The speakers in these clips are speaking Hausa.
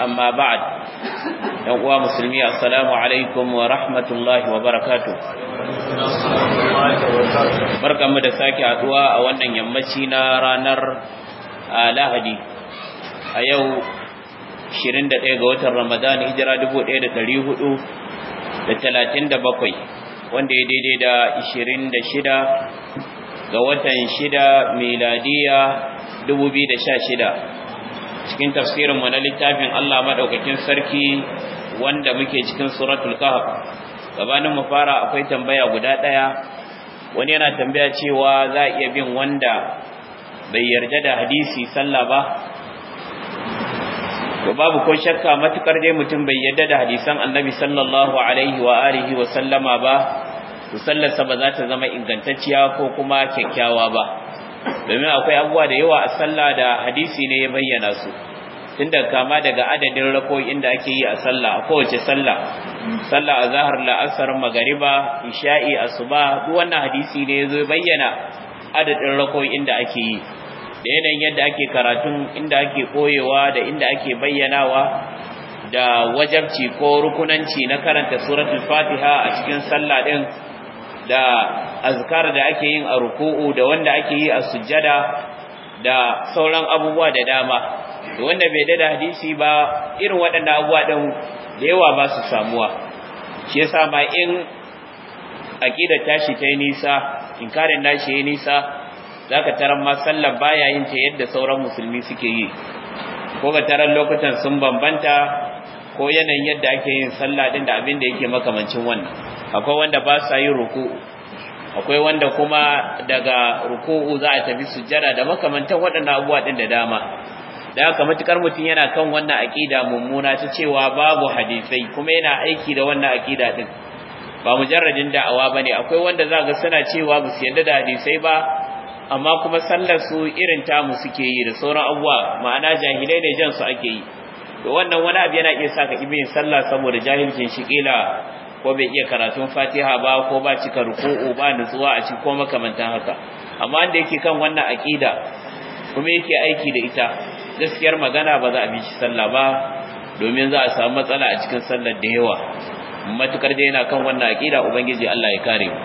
amma ba'ad yan uwa musulmi assalamu alaikum wa rahmatullahi wa barakatuh barkanmu da sake haduwa a wannan yammaci na ranar lahadi a yau 21 ga watan ramadan hijira 1437 wanda ya daidai da 26 ga watan 6 miladiya 2016 cikin tafsirin mu na littafin Allah madaukakin sarki wanda muke cikin suratul kahf gabanin mu fara akwai tambaya guda daya wani yana tambaya cewa za iya bin wanda bai yarda da hadisi sallah ba to babu ko shakka matukar dai mutum bai yarda da hadisan annabi sallallahu alaihi wa alihi wa sallama ba to sallarsa ba za ta zama ingantacciya ko kuma kyakkyawa ba domin akwai abubuwa da yawa a sallah da hadisi ne ya bayyana su tunda kama daga adadin rako'in da ake yi a sallah a kowace sallah sallah a zahar la'asar magariba isha'i asuba duk wannan hadisi ne ya zo bayyana adadin rako'in da ake yi da yanayin yadda ake karatun inda ake koyewa da inda ake bayyanawa da wajabci ko rukunanci na karanta suratul fatiha a cikin sallah din da azkar da ake yin a ruku'u da wanda ake yi a sujjada da sauran abubuwa da dama to wanda bai da hadisi ba irin waɗannan abubuwa din da yawa ba su samuwa shi yasa ma in aqidar tashi ta yi nisa inkarin nashi yi nisa zaka taran ma sallar baya yin ta yadda sauran musulmi suke yi ko ga taran lokutan sun bambanta ko yanayin yadda ake yin sallah din da abin da yake makamancin wannan akwai wanda ba sa yin ruku akwai wanda kuma daga ruku'u za a tafi sujjada da makamantan waɗannan abuwa din da dama da haka matukar mutum yana kan wannan aqida mummuna ta cewa babu hadisai kuma yana aiki da wannan aqida din ba mujarradin da'awa bane akwai wanda za ga suna cewa ba su yarda da hadisai ba amma kuma sallar su irin ta mu suke yi da sauran abuwa ma'ana jahilai ne jan su ake yi to wannan wani abu yana iya saka ibin sallah saboda jahilcin shi kila ko bai iya karatun Fatiha ba ko ba cika ruku'u ba nutsuwa a cikin ko makamantan haka amma wanda yake kan wannan aqida kuma yake aiki da ita gaskiyar magana ba za a bi shi sallah ba domin za a samu matsala a cikin sallar da yawa matukar da yana kan wannan aqida ubangiji Allah ya kare mu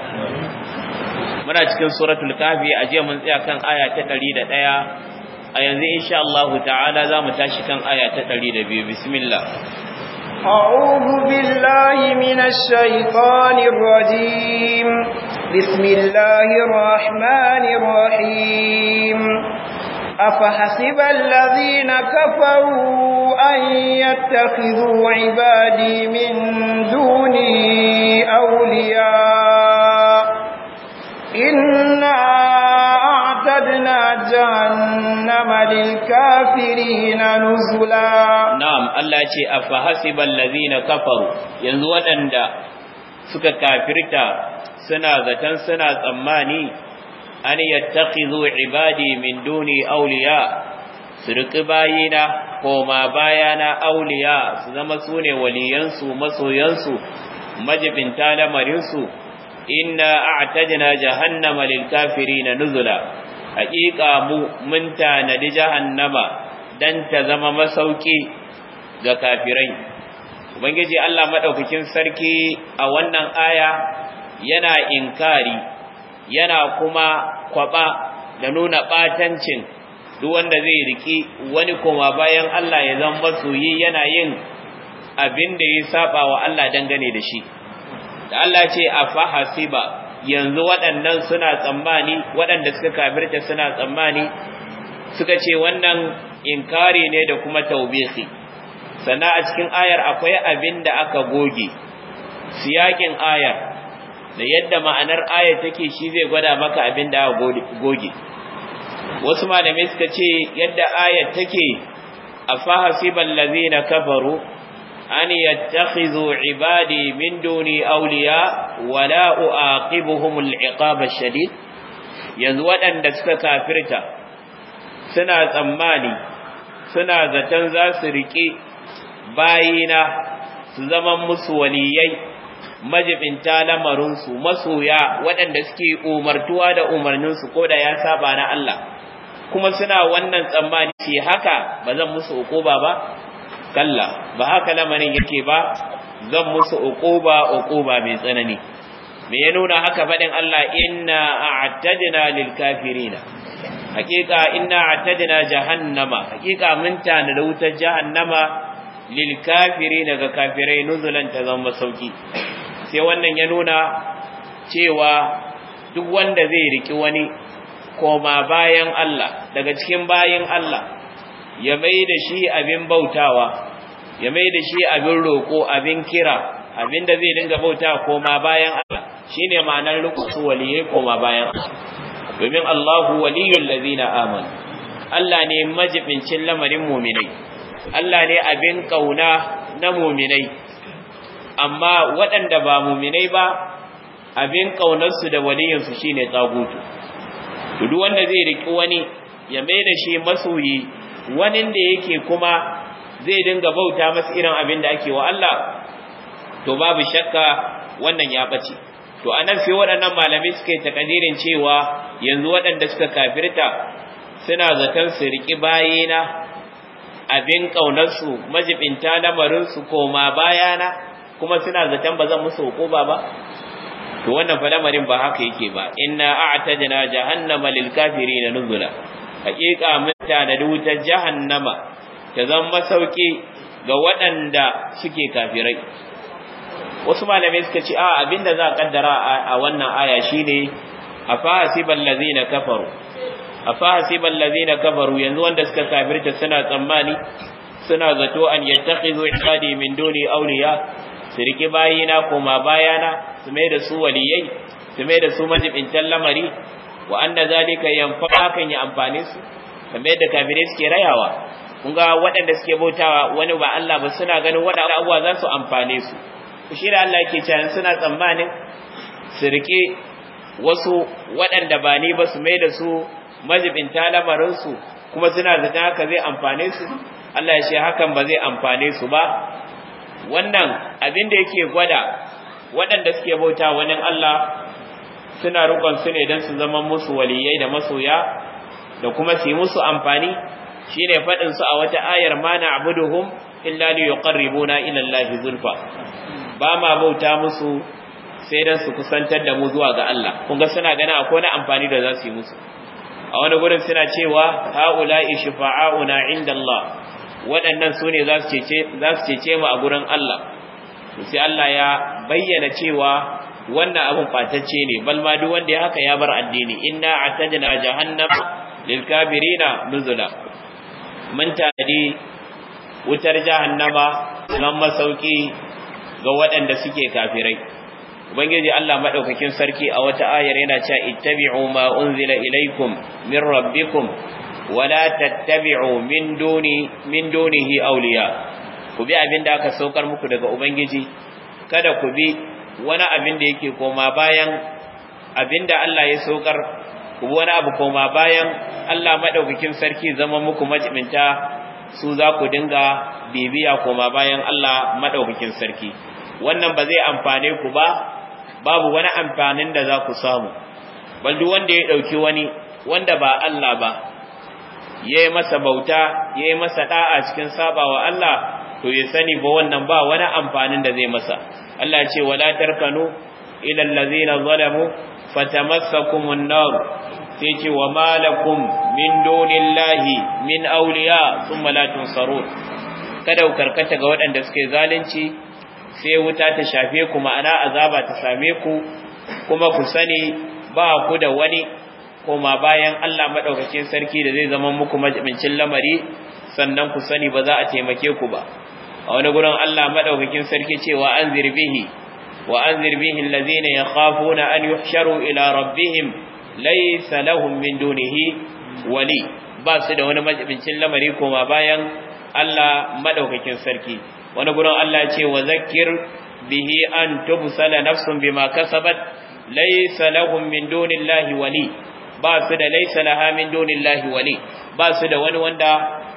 muna cikin suratul kafi a jiya mun tsaya kan aya ta 101 a yanzu insha Allah ta'ala zamu tashi kan aya ta 102 bismillah a'udhu billahi minash shaitanir rajim bismillahir rahmanir rahim أفحسب الذين كفروا أن يتخذوا عبادي من دوني أولياء إِنَّا وجعلنا جهنم nuzula na'am allah ce يجي أفحسب الذين كفروا Yanzu suka kafirta suna zaton suna tsammani an yattakhidhu ibadi min duni awliya su bayina bayina koma bayana awliya su zama sune waliyansu masoyansu majibinta lamarinsu inna a'tajna jahannama lil kafirina nuzula haƙiƙa mu mun tanadi jahannama dan ta zama masauki ga kafirai ubangiji Allah madaukakin sarki a wannan aya yana inkari yana kuma kwaba da nuna batancin duk wanda zai riki wani kuma bayan Allah ya zama masoyi yana yin abin da ya saba wa Allah dangane da shi da Allah ce afa hasiba yanzu waɗannan suna tsammani waɗanda suka kafirta suna tsammani suka ce wannan inkari ne da kuma taubihi sannan a cikin ayar akwai abin da aka goge siyakin ayar da yadda ma'anar ayar take shi zai gwada maka abin da aka goge wasu malamai suka ce yadda ayar take a fahasiban lazina kafaru an yattakhidhu ibadi min duni awliya wa la uaqibuhum al-iqab ash yanzu waɗanda suka kafirta suna tsammani suna zaton za su rike bayina su zama musu waliyai majibinta lamarinsu masoya waɗanda suke umartuwa da umarninsu ko da ya saba na Allah kuma suna wannan tsammani ce haka ba zan musu ukuba ba kalla ba haka lamarin yake ba zan musu uquba uquba mai tsanani me ya nuna haka faɗin Allah inna a'tadna lil kafirin hakika inna a'tadna jahannama hakika mun tana da wutar jahannama lil kafirin ga kafirai nuzulan ta zama sauki sai wannan ya nuna cewa duk wanda zai riki wani koma bayan Allah daga cikin bayan Allah ya mai da shi abin bautawa ya mai da shi abin roƙo abin kira abin da zai dinga bauta koma bayan Allah shine ma'anar rukusu waliyai koma bayan domin Allahu waliyul ladina amanu Allah ne majibincin lamarin mu'minai Allah ne abin kauna na mu'minai amma waɗanda ba mu'minai ba abin ƙaunarsu da waliyinsu shine tsagutu duk wanda zai riki wani ya mai da shi masoyi wani da yake kuma zai dinga bauta masa irin abin da ake wa Allah to babu shakka wannan ya bace to anan sai waɗannan malamai suka yi takadirin cewa yanzu waɗanda suka kafirta suna zaton su riki bayina abin ƙaunarsu majibinta lamarinsu koma bayana kuma suna zaton ba zan musu hukuma ba to wannan fa lamarin ba haka yake ba inna a'tadna jahannama lil kafirin nuzula Haƙiƙa mutane da wutar jahannama ya zama masauki ga waɗanda suke kafirai wasu malamai suka ce a abinda za a kaddara a wannan aya shine afahasibal lazina kafaru A afahasibal na kafaru yanzu wanda suka kafirta suna tsammani suna zato an yattakhidhu ibadi min auliya su sirki bayina ma bayana su mai da su waliyai su mai da su majibintan lamari wa anna zalika yanfa hakan ya su kamar kafirai suke rayawa kun ga waɗanda suke bautawa wani ba Allah ba suna ganin waɗanda abuwa za su amfane su shi da Allah ke cewa suna tsammanin su rike wasu waɗanda ba ne ba su mai da su majibinta lamarinsu kuma suna zata haka zai amfane su Allah ya ce hakan ba zai amfane su ba wannan abin da yake gwada waɗanda suke bauta wani Allah suna rukon su ne don su zama musu waliyai da masoya da kuma su yi musu amfani shine ne su a wata ayar ma na'buduhum illa liyuqarribuna ila Allahi zulfa ba ma bauta musu sai don su kusantar da mu zuwa ga Allah kunga suna gani a kona amfani da za su yi musu a wani gurin suna cewa haula'i shifa'auna inda Allah waɗannan su ne za su cece mu a gurin Allah sai Allah ya bayyana cewa wannan abin fatacce ne balma duk wanda ya haka ya bar addini inna a atadna jahannam lil kafirina nuzula mun tanadi wutar jahannama nan masauki ga waɗanda suke kafirai ubangiji Allah madaukakin sarki a wata ayar yana cewa ittabi'u ma unzila ilaikum min rabbikum wala tattabi'u min duni min dunihi awliya ku bi abin da aka saukar muku daga ubangiji kada ku bi wani abin da yake koma bayan abin da Allah ya saukar ku bi wani abu koma bayan Allah maɗaukakin sarki zama muku majibinta su za ku dinga bibiya koma bayan Allah madaukakin sarki wannan ba zai amfane ku ba babu wani amfanin da za ku samu bal duk wanda ya ɗauki wani wanda ba Allah ba yayi masa bauta yayi masa da'a cikin sabawa Allah to ya sani ba wannan ba wani amfanin da zai masa Allah ce wala tarkanu ilal ladzina zalamu fatamassakumun nar sai ce wa malakum min dunillahi min awliya thumma la tunsarun kada ku karkata ga waɗanda suke zalunci sai wuta ta shafe ku ma'ana azaba ta same ku kuma ku sani ba ku da wani koma bayan Allah maɗaukakin sarki da zai zama muku majibincin lamari sannan ku sani ba za a taimake ku ba a wani gurin Allah maɗaukakin sarki cewa an zirbe zirbihi وأنذر an الذين يخافون أن يحشروا إلى ربهم ليس لهم من دونه ولي باس da wani majibincin lamari koma bayan Allah madaukakin sarki wani gurin Allah ce wa zakkir bihi an tubsala nafsun bima kasabat laysa lahum min dunillahi wali ba su da laysa laha min dunillahi wali ba su da wani wanda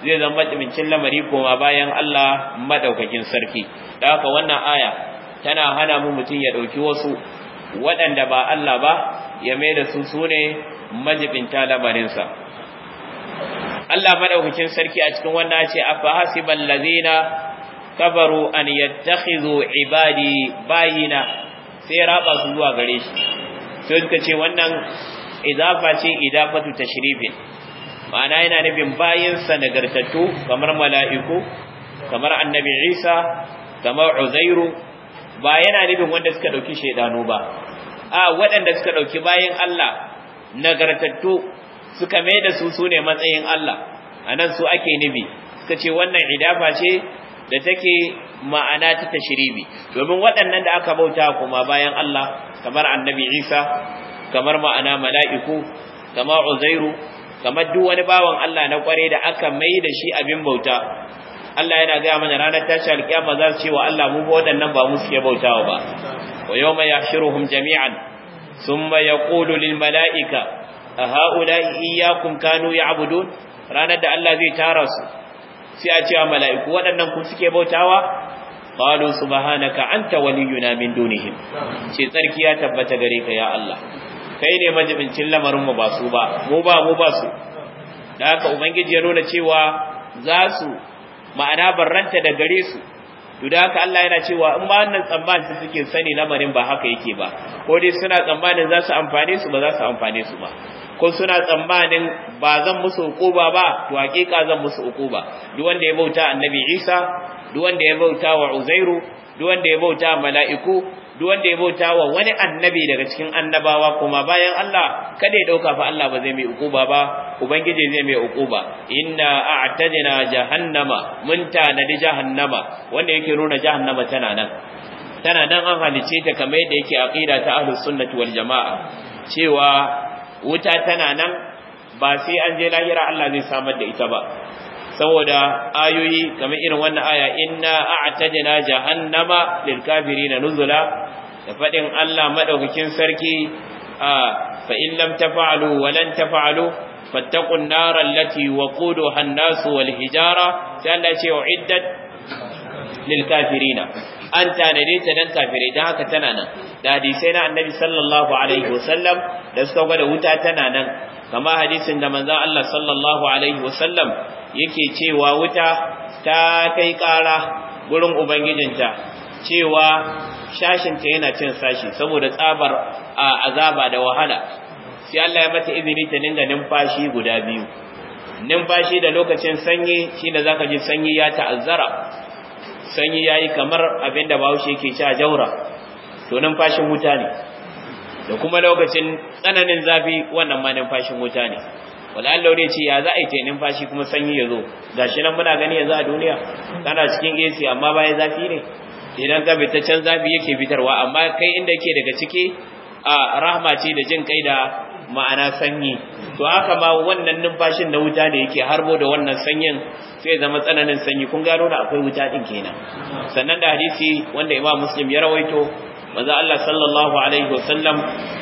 zai zama majibincin lamari koma bayan Allah maɗaukakin sarki da haka wannan aya tana hana mu mutum ya ɗauki wasu waɗanda ba Allah ba ya mai da su sune ne majibinta lamarinsa Allah maɗaukakin sarki a cikin wannan ce afa hasibal na kabaru an yattakhizu ibadi bayina sai raba su zuwa gare shi sai suka ce wannan idafa ce idafatu tashrifin ma'ana yana nufin bayinsa nagartattu kamar mala'iku kamar annabi Isa kamar Uzairu ba yana nufin wanda suka dauki shaidanu ba a waɗanda suka ɗauki bayan Allah nagartattu suka mai da su sune matsayin Allah a nan su ake nufi suka ce wannan idafa ce da take ma'ana ta tashiribi. domin waɗannan da aka bauta kuma bayan Allah kamar annabi Isa kamar ma'ana mala'iku kamar Uzairu kamar duk wani bawan Allah na kware da aka mai da shi abin bauta Allah yana gaya mana ranar tashi alkiyama za su ce wa Allah mu waɗannan ba mu suke bautawa ba wa yawma yahshuruhum jami'an thumma yaqulu lil mala'ika a ha'ula'i ya kanu ya'budun ranar da Allah zai tara su sai a cewa mala'iku waɗannan ku suke bautawa qalu subhanaka anta waliyuna min dunihim ce tsarki ya tabbata gare ka ya Allah kai ne majibincin lamarin mu ba su ba mu ba mu ba su da haka ubangiji ya nuna cewa za su ma'ana barranta da gare su to da haka Allah yana cewa in ba wannan tsammanin su suke sani lamarin ba haka yake ba ko dai suna tsammanin za su amfane su ba za su amfane su ba ko suna tsammanin ba zan musu hukuma ba to hakika zan musu hukuma duk wanda ya bauta annabi Isa duk wanda ya bauta wa Uzairu duk wanda ya bauta mala'iku duk wanda ya bauta wa wani annabi daga cikin annabawa kuma bayan Allah kada ya dauka fa Allah ba zai mai ukuba ba ubangiji zai mai ukuba inna a'tadina jahannama mun tanadi jahannama wanda yake nuna jahannama tana nan tana nan an halice ta kamar yadda yake aqida ta ahlus sunnati wal jamaa cewa wuta tana nan ba sai an je lahira Allah zai samar da ita ba saboda ayoyi kamar irin wannan aya inna a'tadna jahannama lil kafirin nuzula da fadin Allah madaukakin sarki fa in lam tafa'alu wa lan tafa'alu fattaqun nar allati waquduha an-nas wal hijara sai Allah ce uiddat lil kafirin an tanade ta dan kafirai dan haka tana nan da hadisi na annabi sallallahu alaihi wasallam da suka gwada wuta tana nan kama hadisin da manzan Allah sallallahu alaihi wasallam yake cewa wuta ta kai ƙara gurin ubangijinta cewa shashinta yana cin sashi saboda tsabar azaba da wahala sai Allah ya mata izini ta dinga numfashi guda biyu numfashi da lokacin sanyi za zaka ji sanyi ya ta'azzara sanyi yayi kamar abinda Bahaushe yake cewa jaura to numfashin wuta ne da kuma lokacin tsananin zafi wannan ma numfashin wuta ne wala'allah dai ce ya za a yi ta numfashi kuma sanyi ya zo gashi nan muna gani yanzu a duniya kana cikin AC amma bayan zafi ne idan ka ta can zafi yake fitarwa amma kai inda ke daga ciki a rahma ce da jin kai da ma'ana sanyi to haka ma wannan numfashin na wuta ne yake harbo da wannan sanyin sai zama tsananin sanyi kun gano da akwai wuta din kenan sannan da hadisi wanda imam muslim ya rawaito manzo Allah sallallahu alaihi wasallam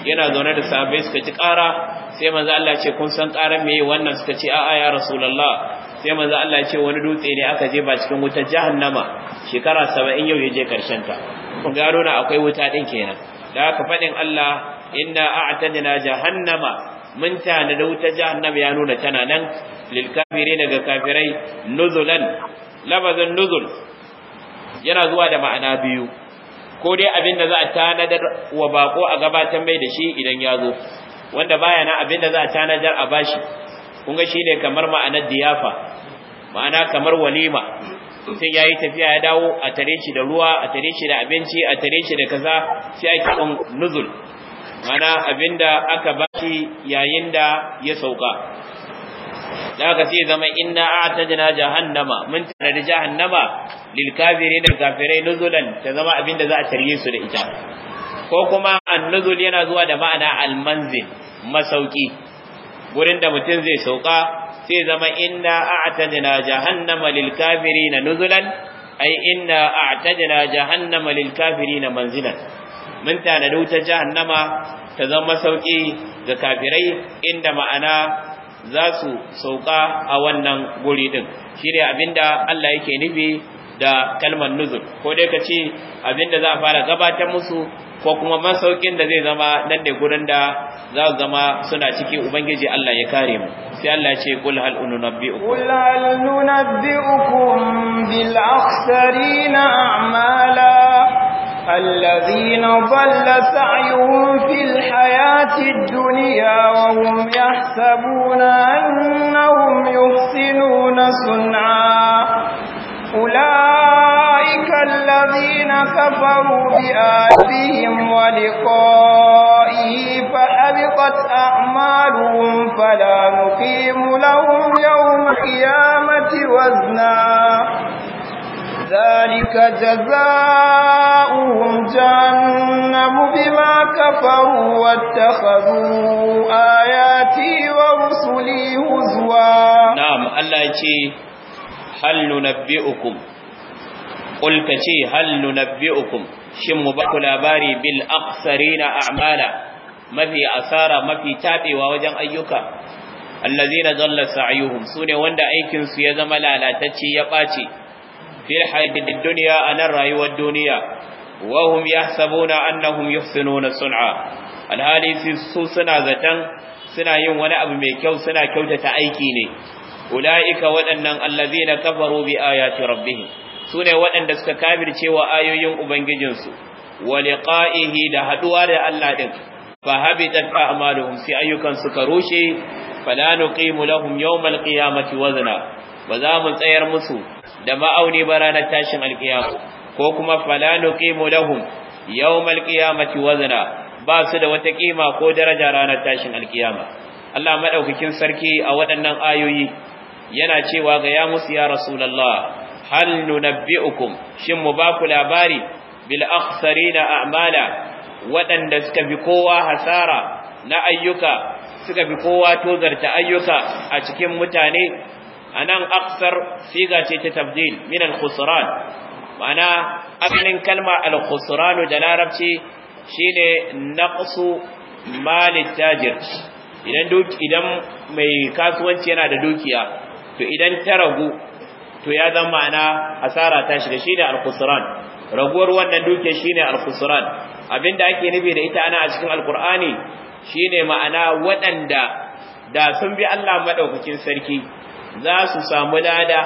yana zaune da sahabbai suka ji ƙara sai manzo Allah ce kun san ƙaran me wannan suka ce a'a ya rasulullah sai manzo Allah ce wani dutse ne aka je ba cikin wutar jahannama shekara 70 yau ya je karshen ta kun ga na akwai wuta din kenan da haka fadin Allah inna a'tadna jahannama mun tana da wutar jahannama ya nuna tana nan lil kafirin ga kafirai nuzulan labazan nuzul yana zuwa da ma'ana biyu ko dai abin da za a tanadar wa bako a gabatar mai da shi idan ya zo wanda baya na abin da za a tanadar a bashi kun ga shine kamar ma'anar diyafa ma'ana kamar walima sai ya yi tafiya ya dawo a tare shi da ruwa a tare shi da abinci a tare shi da kaza sai ake kan nuzul ma'ana abinda aka bashi yayin da ya sauka da ka sai zama inna a'tadna jahannama mun tare da jahannama lil kafirin da kafirai nuzulan ta zama abinda za a tarye su da ita ko kuma an nuzul yana zuwa da ma'ana almanzil masauki gurin da mutum zai sauka sai zama inna a'tadna jahannama lil kafirin nuzulan ai inna a'tadna jahannama lil kafirin manzilan mun tare da wuta jahannama ta zama sauki ga kafirai inda ma'ana za su sauka a wannan guri din shine abinda Allah yake nufi da kalmar nuzul ko dai ka ce abinda za a fara gabatar musu ko kuma masaukin da zai zama nan ne gurin da za su zama suna cikin ubangiji Allah ya kare mu sai Allah ya ce qul hal ununabbiukum qul hal ununabbiukum bil akhsarina a'mala الذين ضل سعيهم في الحياة الدنيا وهم يحسبون أنهم يحسنون صنعا أولئك الذين كفروا بآبهم ولقائه فحبطت أعمالهم فلا نقيم لهم يوم القيامة وزنا ذلك جزاؤهم جهنم بما كفروا واتخذوا آياتي ورسلي هزوا نعم الله يتي هل ننبئكم قل كتي هل ننبئكم شم بكل باري بالأقصرين أعمالا ما في أثار ما في تابي ووجن أيك الذين ضل سعيهم سوني وند أيكن سيزم لا لا تتي يقاتي fil hayatid dunya anan rayuwar duniya wa hum yahsabuna annahum yuhsinuna sun'a alhali su suna zatan suna yin wani abu mai kyau suna kyautata aiki ne ulaika waɗannan allazina kafaru bi ayati rabbihim sune waɗanda suka kafirce wa ayoyin ubangijinsu wa liqa'ihi da haduwa da Allah din fa habitat a'maluhum sai ayyukan suka rushe fala nuqimu lahum yawmal qiyamati wazna ba za mu tsayar musu da ma'auni ba ranar tashin alkiyama ko kuma falanu qimu lahum yawm alqiyamati wazna ba su da wata kima ko daraja ranar tashin alkiyama Allah madaukakin sarki a waɗannan ayoyi yana cewa ga ya musu ya rasulullah hal nunabbi'ukum shin mu baku labari bil akhsarina a'mala waɗanda suka fi kowa hasara na ayyuka suka fi kowa tozarta ayyuka a cikin mutane anan aksar siga ce ta tabdil min al-khusran ma'ana asalin kalma al-khusran da larabci shine naqsu mali tajir idan idan mai kasuwanci yana da dukiya to idan ta ragu to ya zama ma'ana asara ta shiga shine al-khusran raguwar wannan dukiya shine al-khusran abinda ake nufi da ita ana a cikin al-qur'ani shine ma'ana waɗanda da sun bi Allah madaukakin sarki za su samu lada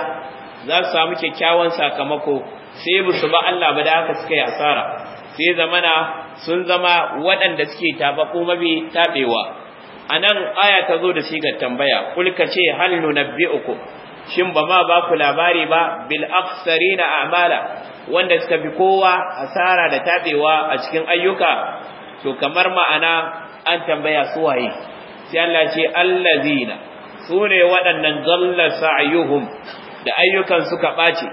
za su samu kyakkyawan sakamako sai ba su ba Allah ba da haka suka yi asara sai zamana sun zama waɗanda suke taɓa ko mabi taɓewa anan aya ta zo da ga tambaya kulka ce hal nunabbi'ukum shin ba ma ba ku labari ba bil aksarina a'mala wanda suka fi kowa asara da taɓewa a cikin ayyuka to kamar ma'ana an tambaya su waye sai Allah ce allazina su ne waɗannan zalla sa'yuhum da ayyukan suka ɓaci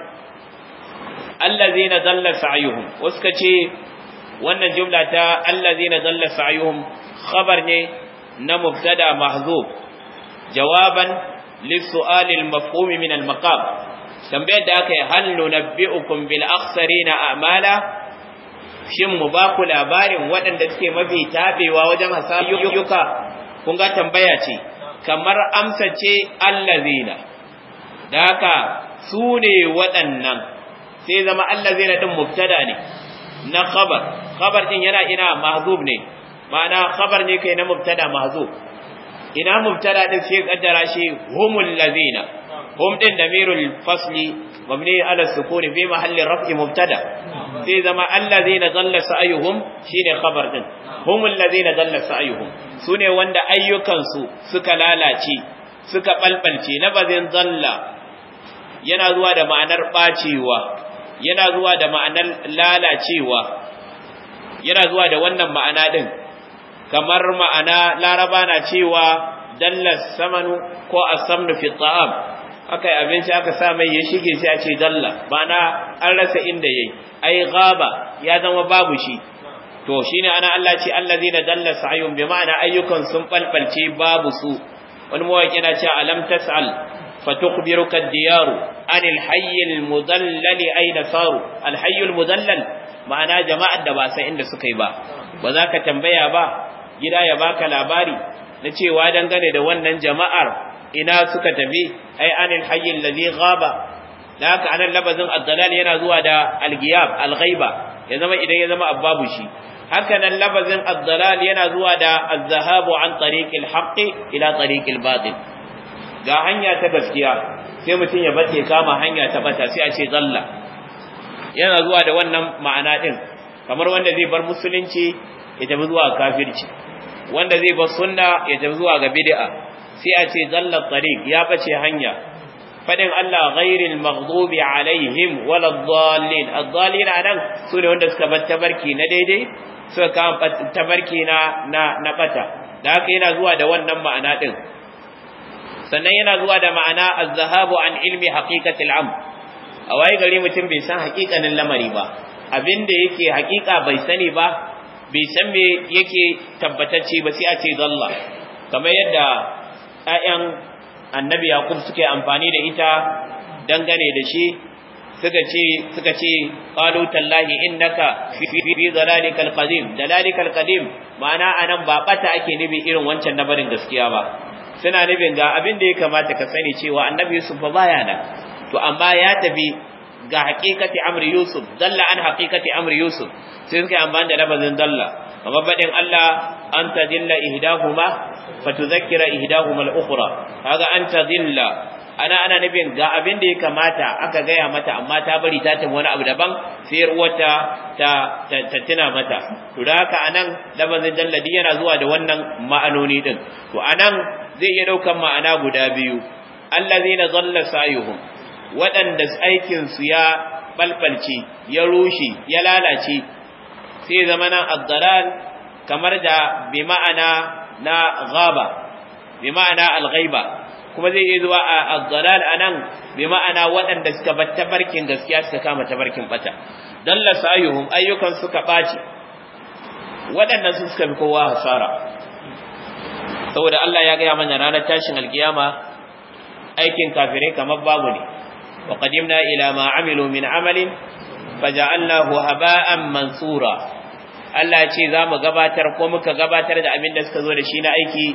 allazina zalla sa'yuhum wasu ka ce wannan jumla ta allazina zalla sa'yuhum khabar ne na mubtada mahzub jawaban lis-su'al al-mafhum min al-maqam tambayar da aka yi hal nunabbi'ukum bil akhsarina a'mala shin mu ba ku labarin waɗanda suke mafi tabewa wajen hasayuka kun ga tambaya ce kamar amsa ce allazina da haka su ne waɗannan sai zama allazina din mubtada ne na khabar khabar din yana ina mahzub ne ma'ana khabar ne kai na mubtada mahzub ina mubtada din sai kaddara shi humul lazina hum din damirul fasli mabni ala sukuni fi mahalli raf'i mubtada sai zama allazina dalla sa'yuhum shine khabar din hum allazina dalla sa'yuhum sune wanda ayyukan su suka lalace suka balbalce na bazin yana zuwa da ma'anar bacewa yana zuwa da ma'anar lalacewa yana zuwa da wannan ma'ana din kamar ma'ana laraba na cewa dalla samanu ko asamnu fi ta'am aka yi abinci aka sa mai ya shige sai a ce dalla ba na an rasa inda yayi ai gaba ya zama babu shi to shine ana Allah ce allazina dalla sa'yun bi ma'ana ayyukan sun balbalce babu su wani mawaki na ce alam tas'al fatukhbiruka ad-diyaru anil hayyil ai ayna saru al hayyul ma'ana jama'ar da ba san inda suka yi ba ba za ka tambaya ba gida ya baka labari na cewa dangane da wannan jama'ar ina suka tafi ai anil hayyin ladhi ghaba da haka anan labazin ad-dalal yana zuwa da al-ghiyab al-ghaiba ya zama idan ya zama abbabu shi haka nan labazin ad-dalal yana zuwa da az-zahabu an tariqil haqqi ila tariqil batil ga hanya ta gaskiya sai mutum ya bace kama hanya ta bata sai a ce zalla yana zuwa da wannan ma'ana din kamar wanda zai bar musulunci ya tafi zuwa kafirci wanda zai bar sunna ya tafi zuwa ga bid'a sai a ce zallar tariq ya bace hanya Faɗin Allah ghairil maghdubi alaihim waladdallin addallin anan su ne wanda suka bar tabarki na daidai suka kama tabarki na na bata da haka yana zuwa da wannan ma'ana din sannan yana zuwa da ma'ana az-zahabu an ilmi haqiqatil am a waye gari mutum bai san haƙiƙanin lamari ba abin da yake haƙiƙa bai sani ba bai san me yake tabbatacce ba sai a ce zalla kamar yadda ƴaƴan annabi yaqub suke amfani da ita dangane da shi suka ce suka ce qalu tallahi innaka fi dalalikal qadim dalalikal qadim ma'ana anan ba bata ake nubi irin wancan na barin gaskiya ba suna nubin ga abin da ya kamata ka sani cewa annabi yusuf ba baya da to amma ya tafi ga haqiqati amri Yusuf dalla an haqiqati amri Yusuf sai suka amfani da labazin dalla kamar baɗin Allah an tazilla ihdahuma fatuzakkira ihdahuma al-ukhra kaga an tazilla ana ana nufin ga abin da ya kamata aka gaya mata amma ta bari ta tafi wani abu daban sai ruwata ta tuna mata to da haka anan lafazin dalladi yana zuwa da wannan ma'anoni din to anan zai iya daukan ma'ana guda biyu allazina zalla sayuhum waɗanda aikinsu ya ɓalɓalce, ya rushe ya lalace sai zama nan ad kamar da bi ma'ana na ghaba bi ma'ana al-ghaiba kuma zai iya zuwa a dalal anan bi ma'ana waɗanda suka bar tabarkin gaskiya suka kama tabarkin bata dalla sayuhum ayyukan suka baci waɗannan su suka bi kowa hasara saboda Allah ya gaya mana ranar tashin alkiyama aikin kafirai kamar babu ne wa qadimna ila ma amilu min amalin faja'alnahu haba'an mansura Allah ce za mu gabatar ko muka gabatar da abin da suka zo da shi na aiki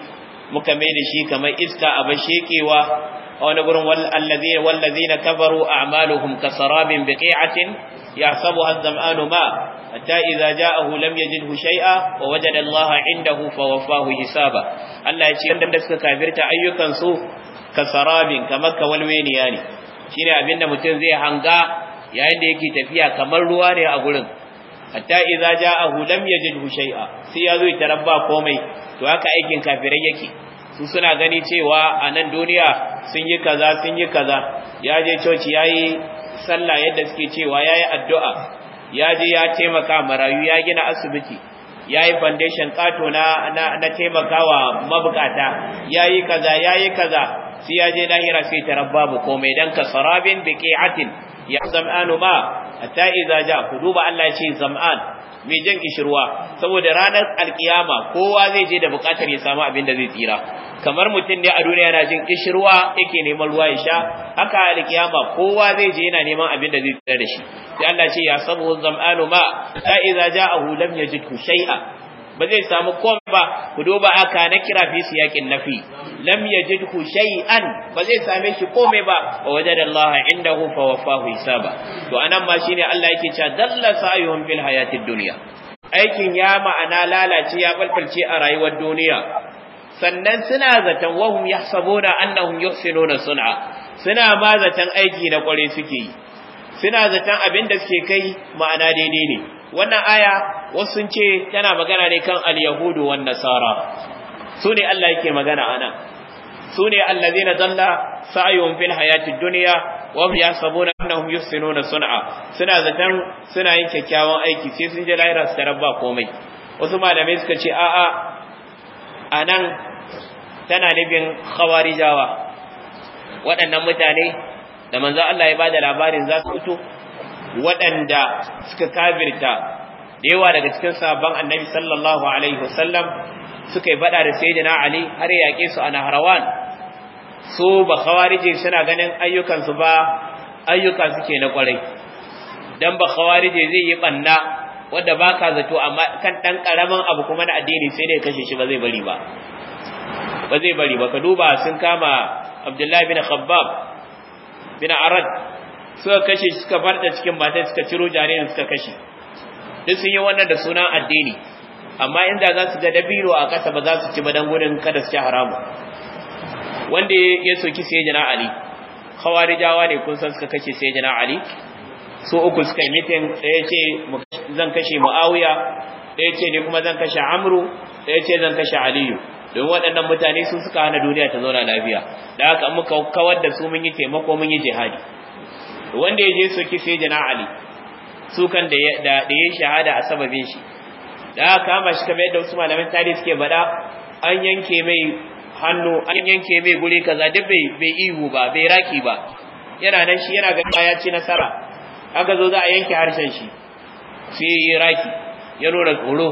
muka mai da shi kamar iska a bashekewa a wani gurin wallazi na kabaru a amaluhum kasarabin biqi'atin ya sabu hazzam'anu ma hatta a ja'ahu lam yajidhu shay'a wa wajada Allah indahu fa wafahu hisaba Allah ya ce wanda suka kafirta ayyukan su kasarabin kamar kawalweniya ne shine abinda mutum zai hanga yayin da yake tafiya kamar ruwa ne a gurin hatta idza ja'ahu lam yajidhu shay'a sai ya ya tarabba komai to haka aikin kafirai yake su suna gani cewa a nan duniya sun yi kaza sun yi kaza ya je coci yayi sallah yadda suke cewa yayi addu'a ya je ya taimaka marayu ya gina asibiti ya yi foundation kato na na taimakawa mabukata ya yi kaza ya yi kaza sai ya je lahira sai tarabba mu komai dan kasarabin biqi'atin ya zam'anu ba. hatta idza ja ku duba Allah ya ce zam'an mai jan kishirwa saboda ranar alkiyama kowa zai je da bukatar ya samu abin da zai tsira kamar mutum ne a duniya yana jin kishirwa yake neman ruwa ya sha haka alkiyama kowa zai je yana neman abin da zai tsira da shi sai Allah ce ya sabu zam'anu ma ta idza ja'ahu lam yajidhu shay'a ba zai samu komai ba ku duba aka na kira fi siyakin nafi lam yajidhu shay'an ba zai same shi komai ba wa wajada Allah indahu fa wafahu hisaba to anan ma shine Allah yake cewa dalla sa'yuhum fil hayatid dunya aikin ya ma'ana lalace ya falfalce a rayuwar duniya sannan suna zaton wahum yahsabuna annahum yuhsinuna sun'a suna ma zaton aiki na kware suke yi suna zaton abin da suke kai ma'ana daidai ne wannan aya wasu sun ce tana magana ne kan al-yahudu wan nasara su ne Allah yake magana anan su ne allazina dalla sa'yuhum fil hayatid dunya wa hum yasabuna annahum yusinnuna sun'a suna zaton suna yin kyakkyawan aiki sai sun je lahira su tarabba komai wasu malamai suka ce a'a anan tana nufin khawarijawa waɗannan mutane da manzo Allah ya bada labarin za su fito waɗanda suka kafirta da yawa daga cikin sabon annabi sallallahu alaihi wasallam suka yi faɗa da sayyidina ali har yaƙe su a naharawan, su ba khawarije suna ganin ayyukansu ba ayyuka suke na ƙwarai, dan ba khawarije zai yi banna wanda baka zato amma kan ɗan ƙaramin abu kuma na addini sai dai kashe shi ba zai bari ba ba zai bari ba ka duba sun kama Abdullahi bin Khabbab bin Arad suka kashe suka farta cikin matan suka ciro jaririn suka kashe duk sun yi wannan da sunan addini amma inda za su ga dabiro a ƙasa ba za su ci ba dan gudun kada su ci haramu wanda ya soki sayyidina ali khawarijawa ne kun san suka kashe sayyidina ali su uku suka yi mitin ɗaya ce zan kashe muawiya ɗaya ce ne kuma zan kashe amru ɗaya ce zan kashe aliyu don waɗannan mutane su suka hana duniya ta zauna lafiya da haka muka kawar da su mun yi taimako mun yi jihadi wanda ya je soki sai jana ali sukan da da ya shahada a sababin shi da kama shi kamar yadda wasu malaman tarihi suke bada an yanke mai hannu an yanke mai guri kaza duk bai bai ihu ba bai raki ba yana nan shi yana ga ya ci nasara aka zo za a yanke harshen shi sai ya raki ya nuna tsoro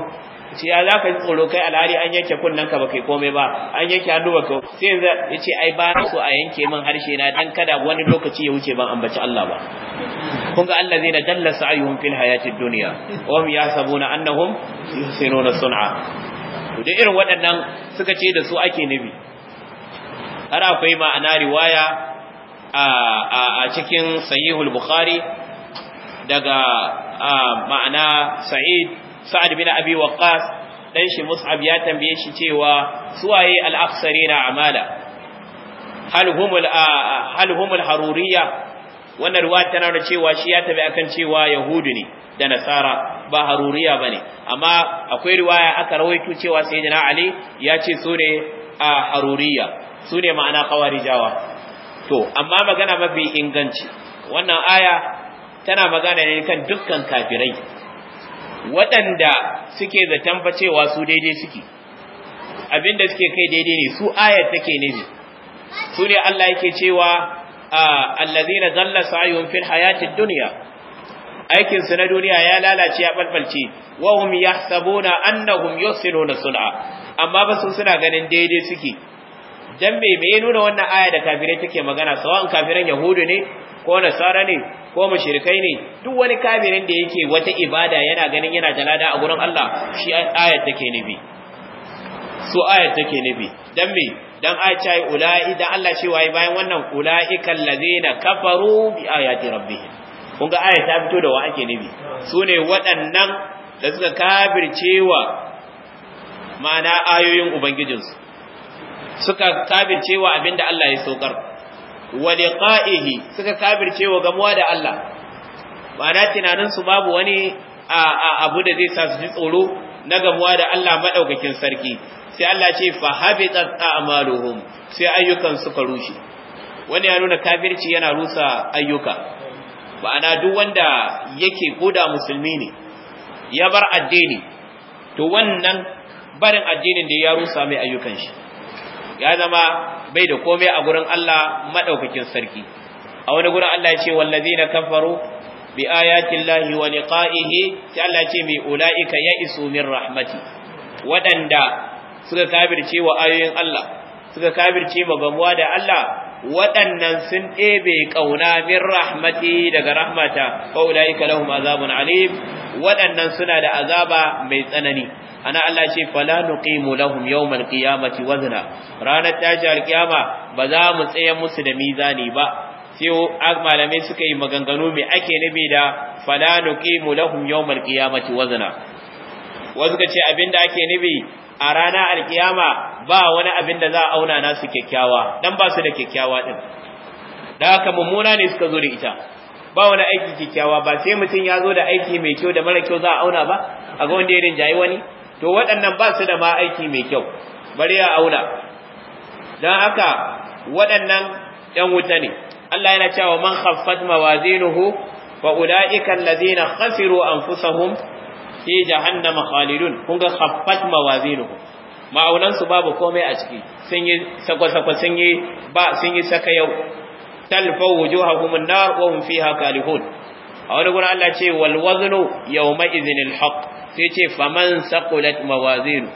ce ya za ka yi tsoro kai alhari an yanke kunnen ka komai ba an yanke hannu ba kai sai yanzu ya ce ai ba so a yanke min harshe na dan kada wani lokaci ya wuce ban ambaci Allah ba kun ga Allah zai na dalla sa'ayuhum fil hayatid dunya wa hum yasabuna annahum yuhsinuna sun'a to da irin waɗannan suka ce da su ake nabi har akwai ma'ana riwaya a cikin sahihul bukhari daga ma'ana sa'id sa'ad bin abi waqqas dan shi mus'ab ya tambaye shi cewa suwaye al na amala hal humul hal humul wannan ruwa tana da cewa shi ya tabi akan cewa yahudu ne da nasara ba haruriya ba ne, amma akwai riwaya aka rawaito cewa sayyidina ali ya ce su ne a haruriya su ne ma'ana jawa, to amma magana mafi inganci wannan aya tana magana ne kan dukkan kafirai waɗanda suke zaton cewa su daidai suke abinda suke kai daidai ne su ayat take ne su ne Allah yake cewa ah, allazina zalla sa'yuhum fil hayatid duniya aikin su na duniya ya lalace ya balbalce wa hum yahsabuna annahum yusiluna sun'a amma ba su suna ganin daidai suke dan me me nuna wannan aya da kafirai take magana sawan kafiran yahudu ne ko nasara ne ko mushrikai ne duk wani kafirin da yake wata ibada yana ganin yana da lada a gurin Allah shi ayat take nibi. su ayat take nibi. dan me dan ayat ulai da Allah shi wai bayan wannan ulaiikal ladina kafaru bi ayati rabbihim kun ga ayat ta fito da wa ake nibi. sune waɗannan da suka kafircewa ma'ana ayoyin ubangijinsu suka kafircewa abinda Allah ya saukar wa liqa'ihi suka kafirce wa gamuwa da Allah ma'ana tunanin su babu wani abu da zai sa su ji tsoro na gamuwa da Allah madaukakin sarki sai Allah ce fa habita a'maluhum sai ayyukan suka rushe wani ya nuna kafirci yana rusa ayyuka ma'ana duk wanda yake koda musulmi ne ya bar addini to wannan barin addinin da ya rusa mai ayyukan shi ya zama bai da komai a gurin Allah madaukakin sarki a wani gurin Allah ya ce wallazina kafaru bi ayati llahi wa liqa'ihi sai Allah ya ce mai ulaika ya'isu min rahmati wadanda suka kafirce wa ayoyin Allah suka kafirce magamuwa da Allah waɗannan sun ɗebe ƙauna min rahmati daga rahmata fa ulaika lahum azabun alim waɗannan suna da azaba mai tsanani ana Allah ce fala nuqimu lahum yawmal qiyamati wazna ranar tashi alqiyama ba za mu tsaya musu da mizani ba sai malamai suka yi maganganu mai ake nabi da fala nuqimu lahum yawmal qiyamati wazna wasu ce abinda ake nabi a rana alkiyama ba wani abin da za a auna nasu kyakkyawa dan ba su da kyakkyawa din da haka mummuna ne suka zo da ita ba wani aiki kyakkyawa ba sai mutum ya zo da aiki mai kyau da mara kyau za a auna ba a ga wanda ya yi wani to waɗannan ba su da ma aiki mai kyau bari ya auna Dan aka waɗannan ɗan wuta ne Allah yana cewa man khaffat mawazinuhu wa ula'ikan lazina khasiru anfusahum fi jahannama khalidun kun ga khaffat mawazinuhu ma'aunan su babu komai a ciki sun yi sakwa-sakwa sun yi ba sun yi saka yau talfau wujuhahum an-nar wa hum fiha kalihun a wani gurin Allah ce wal waznu yawma idhinil sai ce faman saqulat mawazinu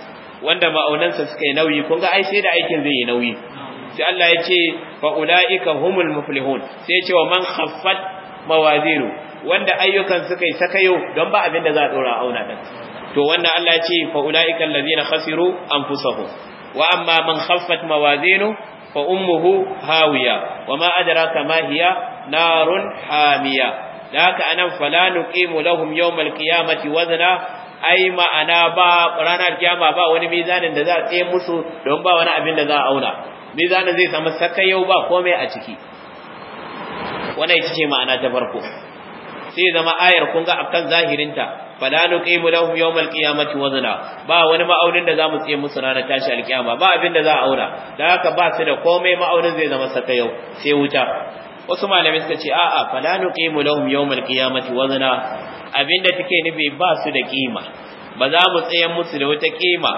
wanda ma'aunansa suka yi nauyi kun ga ai sai da aikin zai yi nauyi sai Allah ya ce fa ulaika humul muflihun sai ya ce wa man khaffat mawazinu wanda ayyukan suka yi sakayo don ba abin da za a dora auna din to wannan Allah ce fa ulaika allazina an fusahu, wa amma man khaffat mawazinu fa ummuhu hawiya wa ma adraka ma hiya narun hamiya da haka anan fala nuqimu lahum yawmal qiyamati wazna ai ma'ana ba ranar kiyama ba wani mizanin da za a tsaye musu don ba wani abin da za a auna mizanin zai samu sakayo ba komai a ciki wannan ita ce ma'ana ta farko sai zama ayar kun ga akan zahirinta fala nuqimu lahum yawmal qiyamati wazna ba wani ma'aunin da za mu tsaye musu ranar tashi alkiyama ba abin da za a aura dan haka ba su da komai ma'aunin zai zama saka yau sai wuta wasu malamai suka ce a'a fala nuqimu lahum yawmal qiyamati wazna abinda take nufi ba su da kima ba za mu tsaye musu da wata kima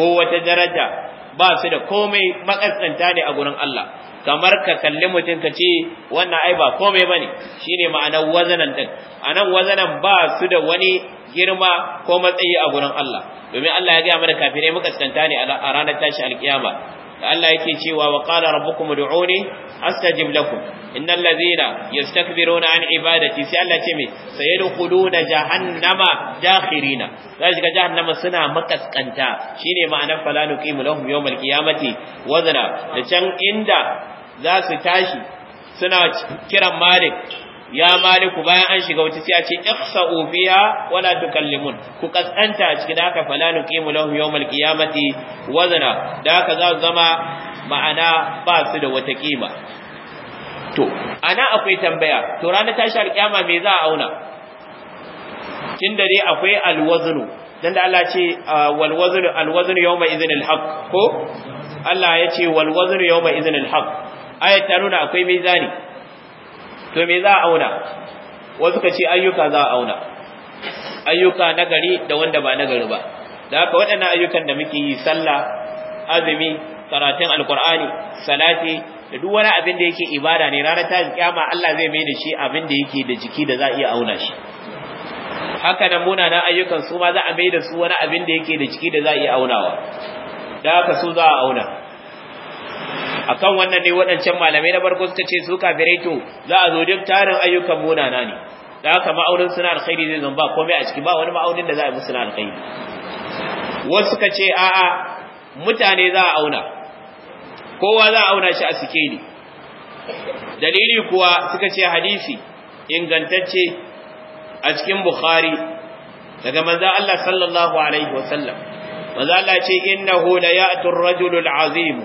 ko wata daraja ba su da komai makasanta ne a gurin Allah kamar ka kalli mutum ka ce wannan ai ba komai bane shine ma'anar wazanan din anan wazanan ba su da wani girma ko matsayi a gurin Allah domin Allah ya ga mana kafirai muka tsanta ne a ranar tashi alkiyama da Allah yake cewa wa qala rabbukum ud'uni astajib lakum innal ladhina yastakbiruna an ibadati sai Allah ce me sayadkhuluna jahannama dakhirina sai shiga jahannama suna makaskanta shine ma'anar fala nuqimu lahum yawmal qiyamati wazna da can inda za su tashi suna kiran malik ya maliku bayan an shiga wuta sai a ce ihsa'u fiha wala tukallimun ku kasanta a cikin haka fala nuqimu lahum yawmal qiyamati wazna da haka za zama ma'ana ba su da wata kima to ana akwai tambaya to ranar tashi alkiyama me za a auna da dare akwai alwaznu dan da Allah ce wal waznu al waznu yawma idhinil haqq ko Allah ya ce wal waznu yawma idhinil haqq ayat ta nuna akwai mizani to me za a auna wasu ka ce ayyuka za a auna ayyuka na gari da wanda ba na gari ba da haka waɗannan ayyukan da muke yi sallah azumi karatun alkur'ani salati da duk wani abin da yake ibada ne ranar ta kiyama Allah zai mai da shi abin da yake da jiki da za a iya auna shi haka nan muna na ayyukan su ma za a mai da su wani abin da yake da jiki da za a iya aunawa da haka su za a auna akan wannan ne waɗancan malamai na barko suka ce su kafirai to za a zo duk tarin ayyukan munana ne da haka ma'aunin suna alkhairi zai zan ba komai a ciki ba wani ma'aunin da za a yi musu na alkhairi wasu suka ce a'a mutane za a auna kowa za a auna shi a sikeli dalili kuwa suka ce hadisi ingantacce a cikin bukhari daga manzo Allah sallallahu alaihi wasallam manzo Allah ce innahu la ya'tu ar-rajulu al-azim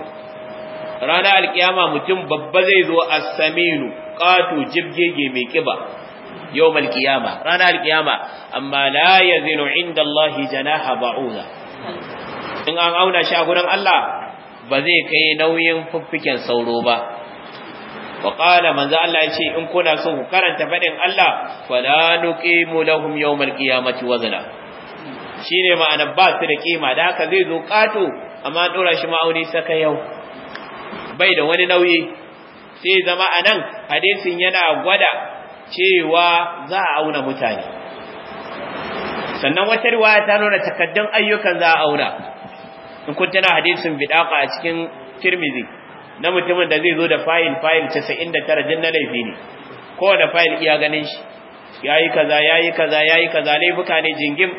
rana alkiyama mutum babba zai zo a saminu ƙato jibgege mai kiba yau malkiyama rana alkiyama amma la ya inda Allah jana ha ba'uza in an auna shi a gurin Allah ba zai kai nauyin fuffiken sauro ba wa ƙala manzan Allah ya ce in kuna son ku karanta faɗin Allah fa la nuƙi lahum yau malkiyamati wazana shi ne ma'anar ba su da kima da haka zai zo ƙato amma ɗora shi ma'auni saka yau bai da wani nauyi sai zama anan hadisin yana gwada cewa za a auna mutane sannan wata riwaya ta nuna takaddun ayyukan za a auna in kun tana hadisin bidaka a cikin tirmizi na mutumin da zai zo da fayil fayil 99 din na laifi ne Ko kowane fayil iya ganin shi yayi kaza yayi kaza yayi kaza laifuka ne jingim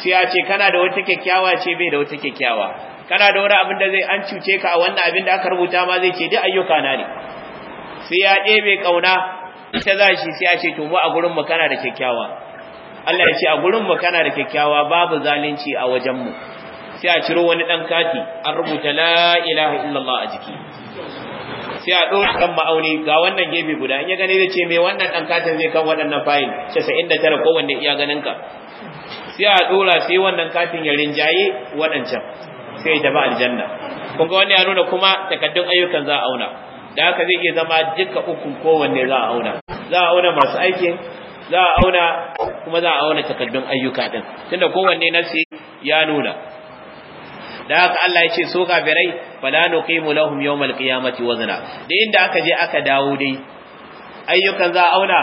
sai a ce kana da wata kyakkyawa ce bai da wata kyakkyawa kana da wani abin da zai an cuce ka a wannan abin da aka rubuta ma zai ce duk ayyuka na ne sai ya ɗebe kauna ita za shi sai a ce to mu a gurin mu kana da kyakkyawa Allah ya ce a gurin mu kana da kyakkyawa babu zalunci a wajen mu sai a ciro wani dan kati an rubuta la ilaha illallah a jiki sai a ɗora kan ma'auni ga wannan gefe guda in ya gani zai ce me wannan ɗan katin zai kan waɗannan fayil casa'in da tara kowanne iya ganin ka sai a ɗora sai wannan katin ya rinjaye waɗancan sai ta ba aljanna kun ga wannan ya nuna kuma takaddun ayyukan za a auna da haka zai iya zama duka uku kowanne za a auna za a auna masu aikin za a auna kuma za a auna takaddun ayyuka din tunda kowanne nasi ya nuna da haka Allah ya ce so kafirai fala nuqimu lahum yawmal qiyamati wazna da inda aka je aka dawo dai ayyukan za a auna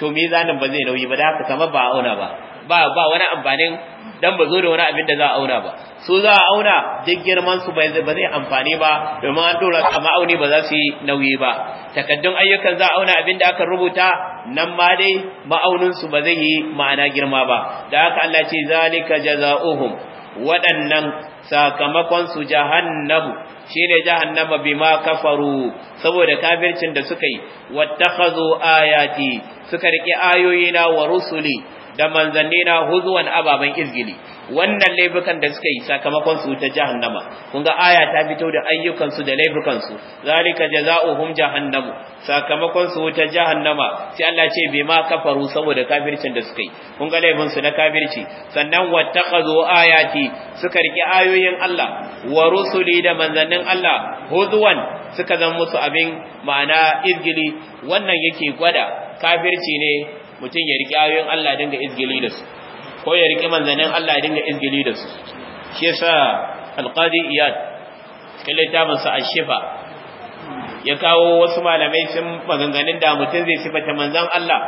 to mizanin ba zai nauyi ba da haka kamar ba a auna ba ba ba wani amfanin dan ba zo da wani abin da za a auna ba su za a auna duk girman su ba zai amfani ba domin an dora a ma'auni ba za su yi nauyi ba takaddun ayyukan za a auna abin da aka rubuta nan ma dai ma'aunin su ba zai yi ma'ana girma ba da haka Allah ce zalika jazaohum waɗannan sakamakon su jahannamu shine jahannama bima kafaru saboda kafircin da suka yi wattakhadhu ayati suka rike ayoyina wa rusuli da manzanni na huzuwan ababan izgili wannan laifukan da suka yi sakamakon su ta jahannama kun ga aya ta fito da ayyukan su da laifukan su zalika jazaohum jahannamu sakamakon su ta jahannama sai Allah ce bai ma kafaru saboda kafircin da suka yi kun ga laifin su na kafirci sannan wattaqazu ayati suka riki ayoyin Allah wa rusuli da manzannin Allah huzuwan suka zama musu abin ma'ana izgili wannan yake gwada kafirci ne mutum ya riƙe ayoyin Allah dinga izgili da su ko ya riƙe manzannin Allah dinga izgili da su shi yasa alqadi iyad kalle ta masa ashifa ya kawo wasu malamai sun maganganun da mutum zai sifata manzan Allah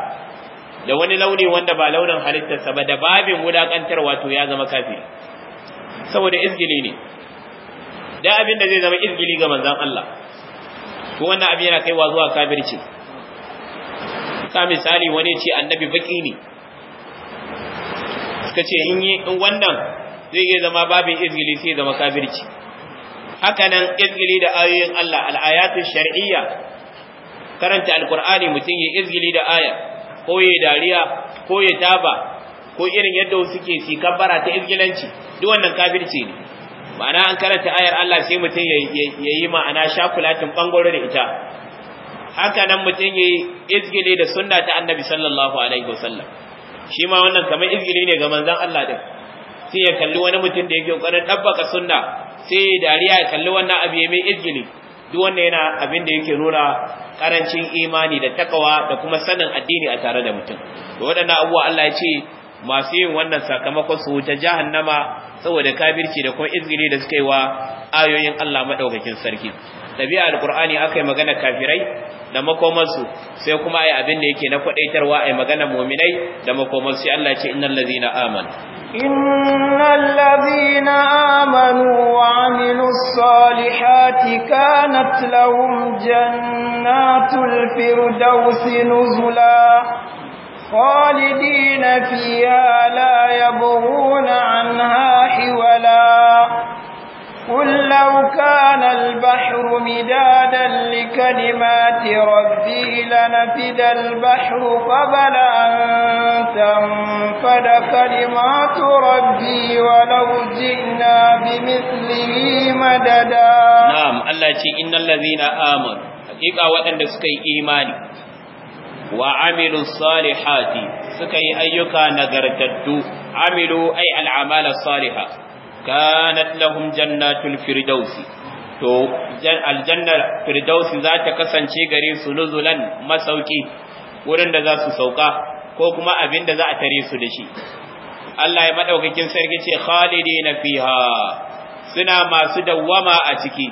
da wani launi wanda ba launin halittarsa ba da babin wulakantar wato ya zama kafi saboda izgili ne da abin da zai zama izgili ga manzan Allah ko wannan abin yana kaiwa zuwa kafirci Sa misali wani ce annabi baki ne suka ce in yi wannan zai iya zama babin izgili sai zama kafirci hakanan izgili da ayoyin Allah al'ayatu shar'iyya karanta alkur'ani mutum ya izgili da aya ko ya dariya ko ya taba ko irin yadda suke si kabbara ta izgilanci duk wannan kafirci ne ma'ana an karanta ayar Allah sai mutum ya yi ma'ana shakulatin bangaro da ita haka nan mutum yayi izgili da sunna ta annabi sallallahu alaihi wasallam shi ma wannan kamar izgili ne ga manzan Allah din sai ya kalli wani mutum da ya yake kokarin dabbaka sunna sai ya dariya ya kalli wannan abu mai izgili duk wanda yana abin da yake nuna karancin imani da takawa da kuma sanin addini a tare da mutum to waɗannan abubuwa Allah ya ce masu yin wannan sakamakon su wuta jahannama saboda kafirci da kuma izgili da suka yi wa ayoyin Allah madaukakin sarki dabi'a aka yi magana kafirai da makomarsu sai kuma ai abin da yake na kwadaitarwa ai magana mu'minai da makomarsu sai Allah ce innal ladina amanu innal ladina amanu wa amilus salihati kanat lahum jannatul firdausi nuzula خالدين فيها لا يبغون عنها حولا قل لو كان البحر مدادا لكلمات ربي لنفد البحر قبل أن تنفد كلمات ربي ولو جئنا بمثله مددا نعم الله إن الذين آمنوا حقيقة وأن سكي إيماني وعملوا الصالحات سكي أيك نقرتدو عملوا أي العمال الصالحة كانت لهم جنات firdausi to aljannar firdausi za ta kasance gare su nuzulan masauki wurin da za su sauka ko kuma abin da za a tare su da shi Allah ya madaukakin sarki ce khalidina fiha suna masu dawwama a ciki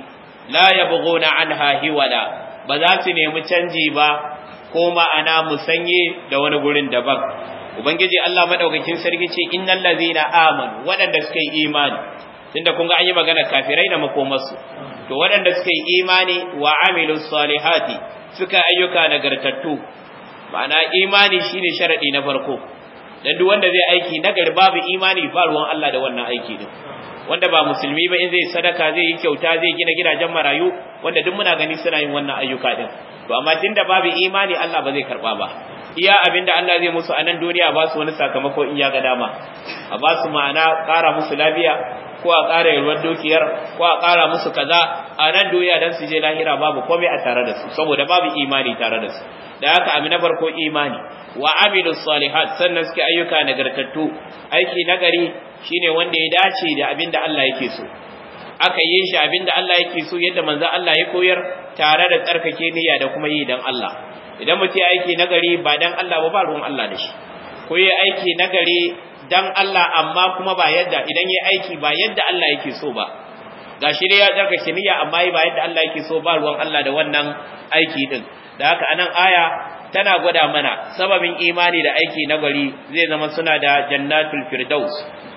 la yabghuna anha hiwala ba za su nemi canji ba ko ma ma'ana musanye da wani gurin daban ubangiji Allah madaukakin sarki ce innal ladzina amanu waɗanda suka yi imani tunda kun ga an yi magana kafirai da makomarsu to waɗanda suka yi imani wa amilus salihati suka ayyuka nagartattu ma'ana imani shine sharadi na farko dan duk wanda zai aiki nagari babu imani ba ruwan Allah da wannan aiki din wanda ba musulmi ba in zai sadaka zai yi kyauta zai gina gidajen marayu wanda duk muna gani suna yin wannan ayyuka din to amma tunda babu imani Allah ba zai karba ba iya abinda Allah zai musu a nan duniya ba su wani sakamako in ya ga dama a ba su ma'ana ƙara musu lafiya ko a ƙara yalwar dukiyar ko a ƙara musu kaza a nan duniya dan su je lahira babu komai a tare da su saboda babu imani tare da su da haka abu na farko imani wa amilu salihat sannan suke ayyuka nagartattu aiki na nagari shine wanda ya dace da abinda Allah yake so aka yi shi abinda Allah yake so yadda manzo Allah ya koyar tare da tsarkake niyya da kuma yi dan Allah idan mutum ya aiki nagari ba dan Allah ba ba ruwan Allah da shi ko ya aiki nagari dan Allah amma kuma ba yadda idan ya aiki ba yadda Allah yake so ba gashi ne ya daga shiniya amma ba yadda Allah yake so ba ruwan Allah da wannan aiki din da haka anan aya tana gwada mana sababin imani da aiki nagari zai zama suna da jannatul firdaus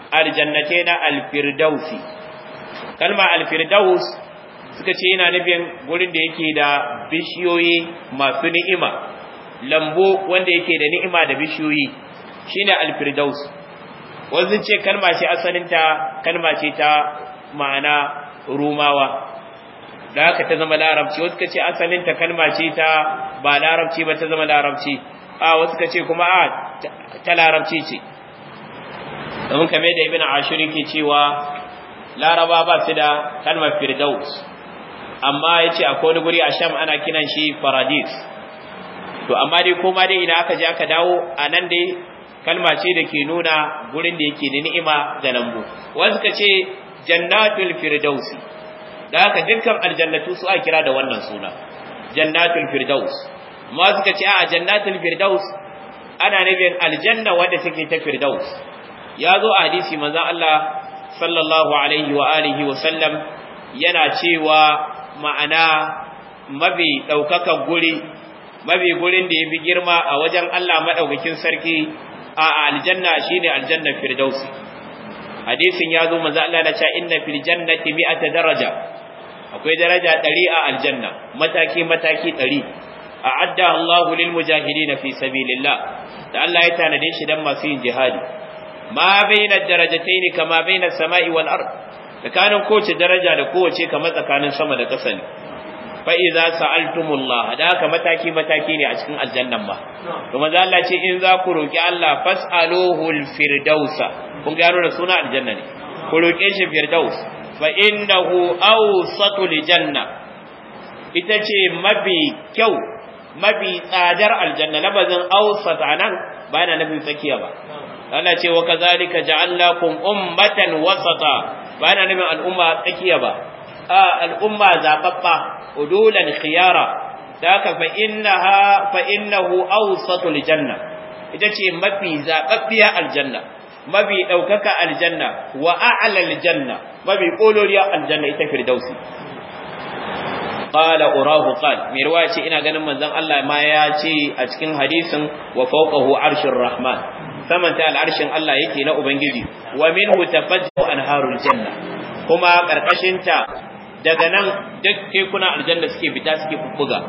aljannatina alfirdausi kalma alfirdaus suka ce yana nufin gurin da yake da bishiyoyi masu ni'ima lambu wanda yake da ni'ima da bishiyoyi shine alfirdaus wasu ce kalma ce asalinta kalma ce ta ma'ana rumawa da haka ta zama larabci wasu ce asalin ta kalma ce ta ba larabci ba ta zama larabci a wasu ce kuma a ta larabci ce domin kamar da ibn ashur ke cewa laraba ba su da kalmar firdaus amma ya ce akwai wani guri a sham ana kinan shi Faradis, to amma dai koma dai ina aka je aka dawo a nan dai kalma ce da ke nuna gurin da yake da ni'ima da lambu wasu ka ce jannatul firdaus da haka dukkan aljannatu su a kira da wannan suna jannatul firdaus Amma suka ce a jannatul firdaus ana nufin aljanna wadda take ta firdaus ya zo a hadisi manzon Allah sallallahu alaihi wa alihi wa sallam yana cewa ma'ana mafi ɗaukakan guri mafi gurin da ya fi girma a wajen Allah maɗaukakin sarki a aljanna shine aljanna firdausi hadisin ya zo manzo Allah da cewa inna fil jannati mi'ata daraja akwai daraja 100 a aljanna mataki mataki 100 a'adda Allahu lil mujahidin fi sabilillah da Allah ya tanade shi dan masu yin jihadi ma baina darajatayn kama baina samai wal ard tsakanin kowace daraja da kowace kamar tsakanin sama da ƙasa ne fa idza sa'altumullah da haka mataki mataki ne a cikin aljannan ma to manzo Allah ce in za ku roki Allah al firdausa kun ga da suna aljanna ne ku roke shi firdaus fa innahu awsatu janna ita ce mafi kyau mafi tsadar aljanna Na labazin awsat anan ba na nabi tsakiya ba Allah ce wa kazalika ja'alnakum ummatan wasata ba yana nufin al'umma tsakiya ba a al'umma zaɓaɓɓa, udulan khiyara da ka fa innaha janna ita ce mafi zababbiya aljanna mafi ɗaukaka aljanna wa a'la aljanna mafi koloriya aljanna ita firdausi qala urahu qal mai riwaya ce ina ganin manzan Allah ma ya ce a cikin hadisin wa fawqahu arshin rahman saman ta al'arshin Allah yake na ubangiji wa minhu an anharul janna kuma karkashin ta daga nan duk kuna aljanna suke fita suke fuffuga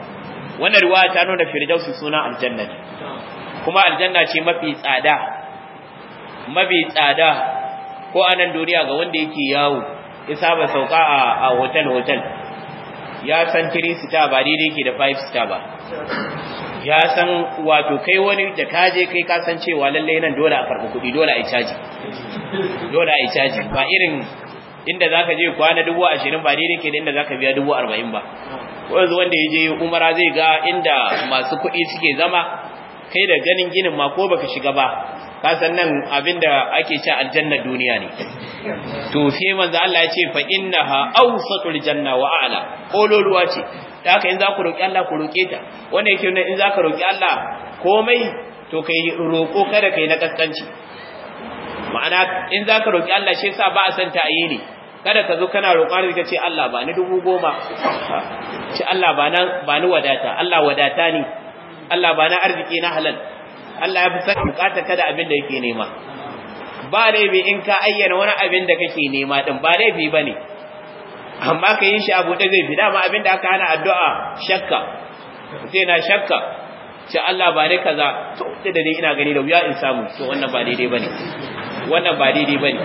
wannan ruwa ta nuna firdausu suna aljanna ne kuma aljanna ce mafi tsada mafi tsada ko a nan duniya ga wanda yake yawo ya saba sauka a hotel hotel ya san kiri sita ba daidai ke da 5 star ba ya san wato kai wani da kaje kai ka san cewa lalle nan dole a farko kuɗi dole a yi caji dole a yi caji ba irin inda zaka je kwana dubu ashirin ba daidai ke da inda zaka biya dubu arba'in ba Ko yanzu wanda ya je umara zai ga inda masu kuɗi suke zama kai da ganin ginin ma ko baka shiga ba ka san nan abinda ake ce aljanna duniya ne to sai manzo Allah ya ce fa innaha awsatul janna wa a'la kololuwa ce da haka in za ku roƙi Allah ku roƙe ta wanda yake nuna in za ka roƙi Allah komai to kai roƙo kada kai na kaskanci ma'ana in za ka roƙi Allah shi yasa ba a san ta ayi ne kada ka zo kana roƙon ka ce Allah ba ni dubu goma ce Allah ba nan ba ni wadata Allah wadata ne Allah ba na arziki na halal Allah ya fi san bukata kada abin da yake nema ba laifi in ka ayyana wani abin da kake nema din ba laifi bane amma ka yi shi abu da zai fi dama abin da aka hana addu'a shakka sai na shakka ce Allah ba dai kaza to da dai ina gani da wuya in samu to wannan ba daidai bane wannan ba daidai bane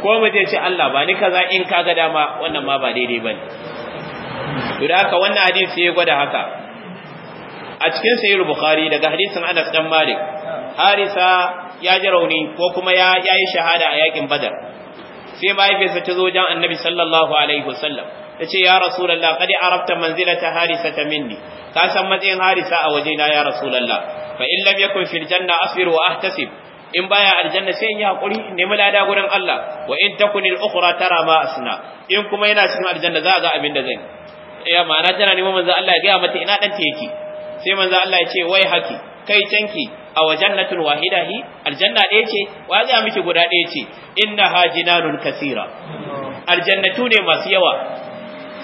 ko mu je ce Allah ba ni kaza in kaga dama wannan ma ba daidai bane to da haka wannan hadisi ya gwada haka a cikin sahih bukhari daga hadisin Anas dan Malik Harisa ya ji rauni ko kuma ya yi shahada a yakin Badar sai mahaifiyarsa ta zo wajen annabi sallallahu alaihi wasallam ta ce ya rasulallah kadi arabta ta harisa ta minni ka san matsayin harisa a waje na ya rasulallah fa in lam yakun fil janna asbir wa ahtasib in baya aljanna sai in yi hakuri in nemi lada gurin Allah wa in takunil ukhra tara ma asna in kuma yana cikin aljanna za a ga abin da zan ya ma'ana tana neman manzo Allah ya ga mata ina dan ta yake sai manzo Allah ya ce wai haki kai canki aw jannatun wahida hi aljanna ɗaya ce wa za miki guda ɗaya ce innaha jinanun kasira aljannatu ne masu yawa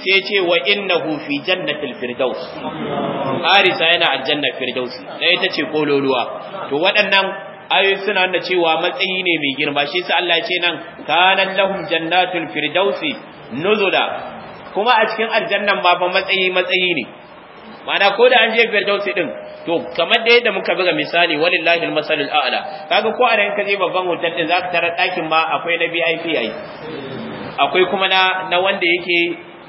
sai ce wa innahu fi jannatil firdaus harisa yana aljanna firdaus da ita ce kololuwa to waɗannan ayoyin suna nuna cewa matsayi ne mai girma shi sa Allah ce nan kanan lahum jannatul firdausi nuzula kuma a cikin aljannan ma ba matsayi matsayi ne mana ko da an je firdausi din to kamar da yadda muka buga misali walillahi almasalul a'la kaga ko a ranka je babban hotel din zaka tarar ɗakin ma akwai na VIP ai akwai kuma na na wanda yake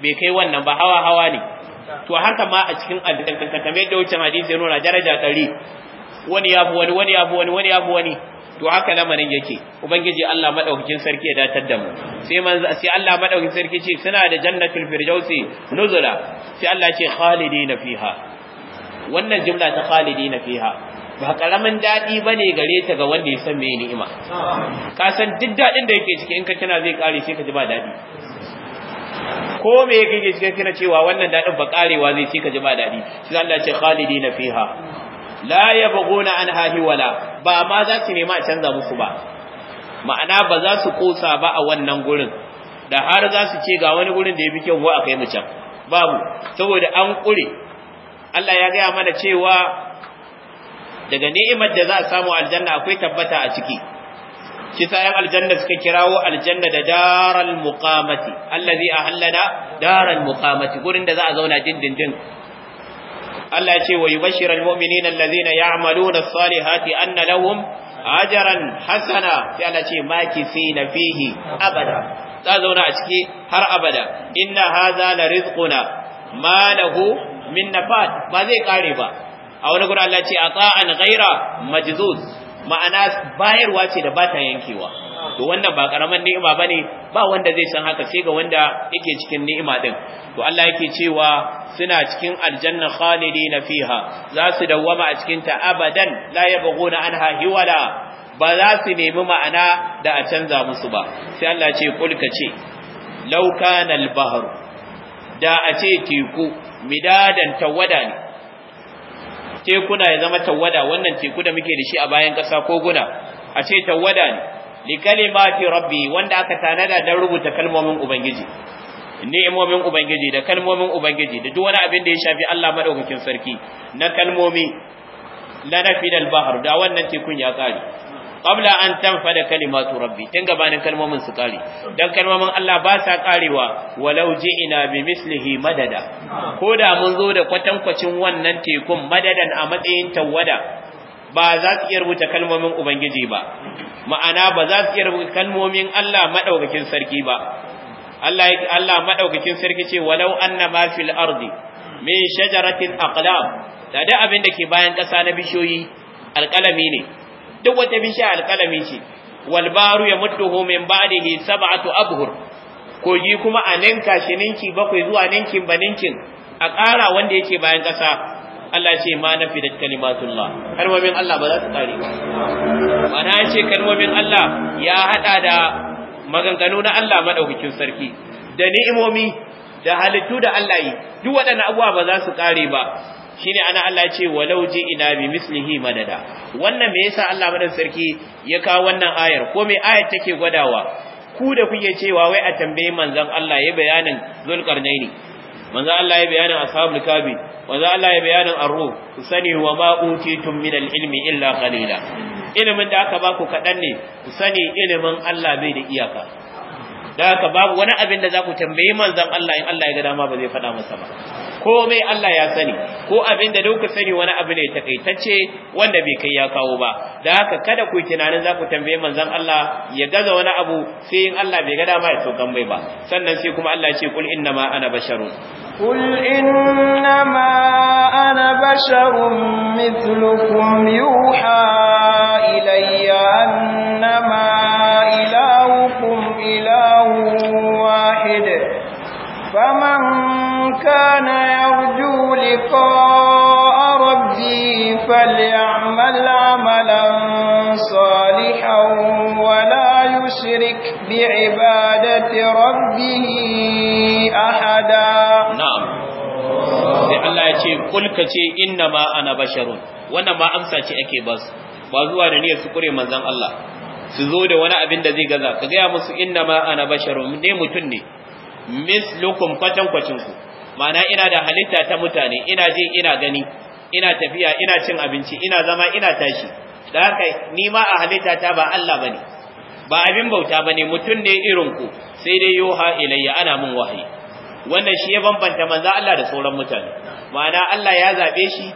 bai kai wannan ba hawa hawa ne to haka ma a cikin ka kamar da wucin hadisi ya nuna daraja ɗari wani ya fi wani wani ya fi wani wani ya fi wani to haka lamarin yake ubangiji Allah madaukakin sarki ya datar da mu sai manzo sai Allah madaukakin sarki ce suna da jannatul firdausi nuzula sai Allah ce khalidina fiha wannan jimla ta na fiha ba karamin dadi bane gare ta ga wanda ya san me ni'ima ka san duk daɗin da yake ciki in ka kina zai kare sai ka ji ba dadi ko me yake cikin kina cewa wannan dadin ba karewa zai sai ka ji ba dadi shi Allah ce na fiha la yabghuna anha hiwala ba ma za su nema a canza musu ba ma'ana ba za su kosa ba a wannan gurin da har za su ce ga wani gurin da ya fi kyau a kai mu can babu saboda an kure Allah ya gaya mana cewa daga ni'imar da za a samu aljanna akwai tabbata a ciki shi sayan aljanna suka kirawo aljanna da daral muqamati allazi ahallana daral muqamati gurin da za a zauna dindindin Allah ya ce wa yubashshiral mu'minina allazina ya'maluna as-salihati anna lahum ajaran hasana sai Allah ce makifina fihi abada za zauna a ciki har abada inna hadha la rizquna ma lahu min nafat ba zai kare ba a wani gurin Allah ce ata'an ghaira majzuz ma'ana bayarwa ce da ba ta yankewa to wannan ba karaman ni'ima bane ba wanda zai san haka sai ga wanda yake cikin ni'ima din to Allah yake cewa suna cikin aljanna khalidina fiha za su dawwama a cikin ta abadan la yabghuna anha hiwala ba za su nemi ma'ana da a canza musu ba sai Allah ce kulka ce law kana al-bahru da a ce teku midadan tawada ne tekuna ya zama tawada wannan teku da muke da shi a bayan ƙasa ko guna a ce tawada ne li kalimati rabbi wanda aka tanada dan rubuta kalmomin ubangiji ni'imomin ubangiji da kalmomin ubangiji da duk wani abin da ya shafi Allah madaukakin sarki na kalmomi la nafidal bahr da wannan tekun ya kare qabla an tanfada kalimatu rabbi tun gabanin kalmomin su kare dan kalmomin Allah ba sa karewa walau ji'ina bi mislihi madada ko da mun zo da kwatankwacin wannan tekun madadan a matsayin tawada ba za su iya rubuta kalmomin ubangiji ba ma'ana ba za su iya rubuta kalmomin Allah madaukakin sarki ba Allah Allah madaukakin sarki ce walau ma fil ardi min shajaratin aqlam da da abin da ke bayan ƙasa na bishiyoyi alƙalami ne duk wata bishiya alƙalami ce walbaru ya mudduhu min ba'dihi sab'atu abhur kogi kuma a ninka shi ninki bakwai zuwa ninkin ba ninkin a ƙara wanda yake bayan ƙasa Allah ce ma fi da kalimatullah kalmomin Allah ba za su ƙare ba mana ce kalmomin Allah ya haɗa da maganganu na Allah maɗaukakin sarki da ni'imomi da halittu da Allah yi duk waɗannan abubuwa ba za su ƙare ba shine ana Allah ya ce walau ji ina bi mislihi madada wannan me yasa Allah madan sarki ya kawo wannan ayar ko me ayar take gwadawa ku da kuke cewa wai a tambaye manzon Allah ya bayanin zulqarnaini manzon Allah ya bayanin ashabul kabi manzon Allah ya bayanin arru ku sani wa ma utitum min ilmi illa qalila ilimin da aka baku kadan ne ku sani ilimin Allah bai da iyaka da aka babu wani abin da za ku tambayi manzon Allah in Allah ya ga dama ba zai faɗa masa ba komai Allah ya sani ko abin da duka sani wani abu ne takaitacce wanda bai kai ya kawo ba da haka kada ku tunanin za ku tambaye manzon Allah ya gaza wani abu sai in Allah bai ga dama ya saukan bai ba sannan sai kuma Allah ya ce kul inna ma ana basharun kul inna ma ana basharun mithlukum yuha ilayya annama ilahukum فمن كان يرجو لقاء ربه فليعمل عملا صالحا ولا يشرك بعبادة ربه أحدا نعم sai Allah ya ce kulka ce inna ma ana basharun wannan ma amsa ce ake basu ba zuwa da niyyar su kure manzon Allah su zo da wani abin da zai gaza ka gaya musu inna ma ana basharun ne mutum ne mislukum kwatankwacin ku ma'ana ina da halitta ta mutane ina ji ina gani ina tafiya ina cin abinci ina zama ina tashi da haka ni ma a halitta ta ba Allah bane ba abin bauta bane mutum ne irin ku sai dai yoha ilayya ana mun wahayi wannan shi ya bambanta manzo Allah da sauran mutane ma'ana Allah ya zabe shi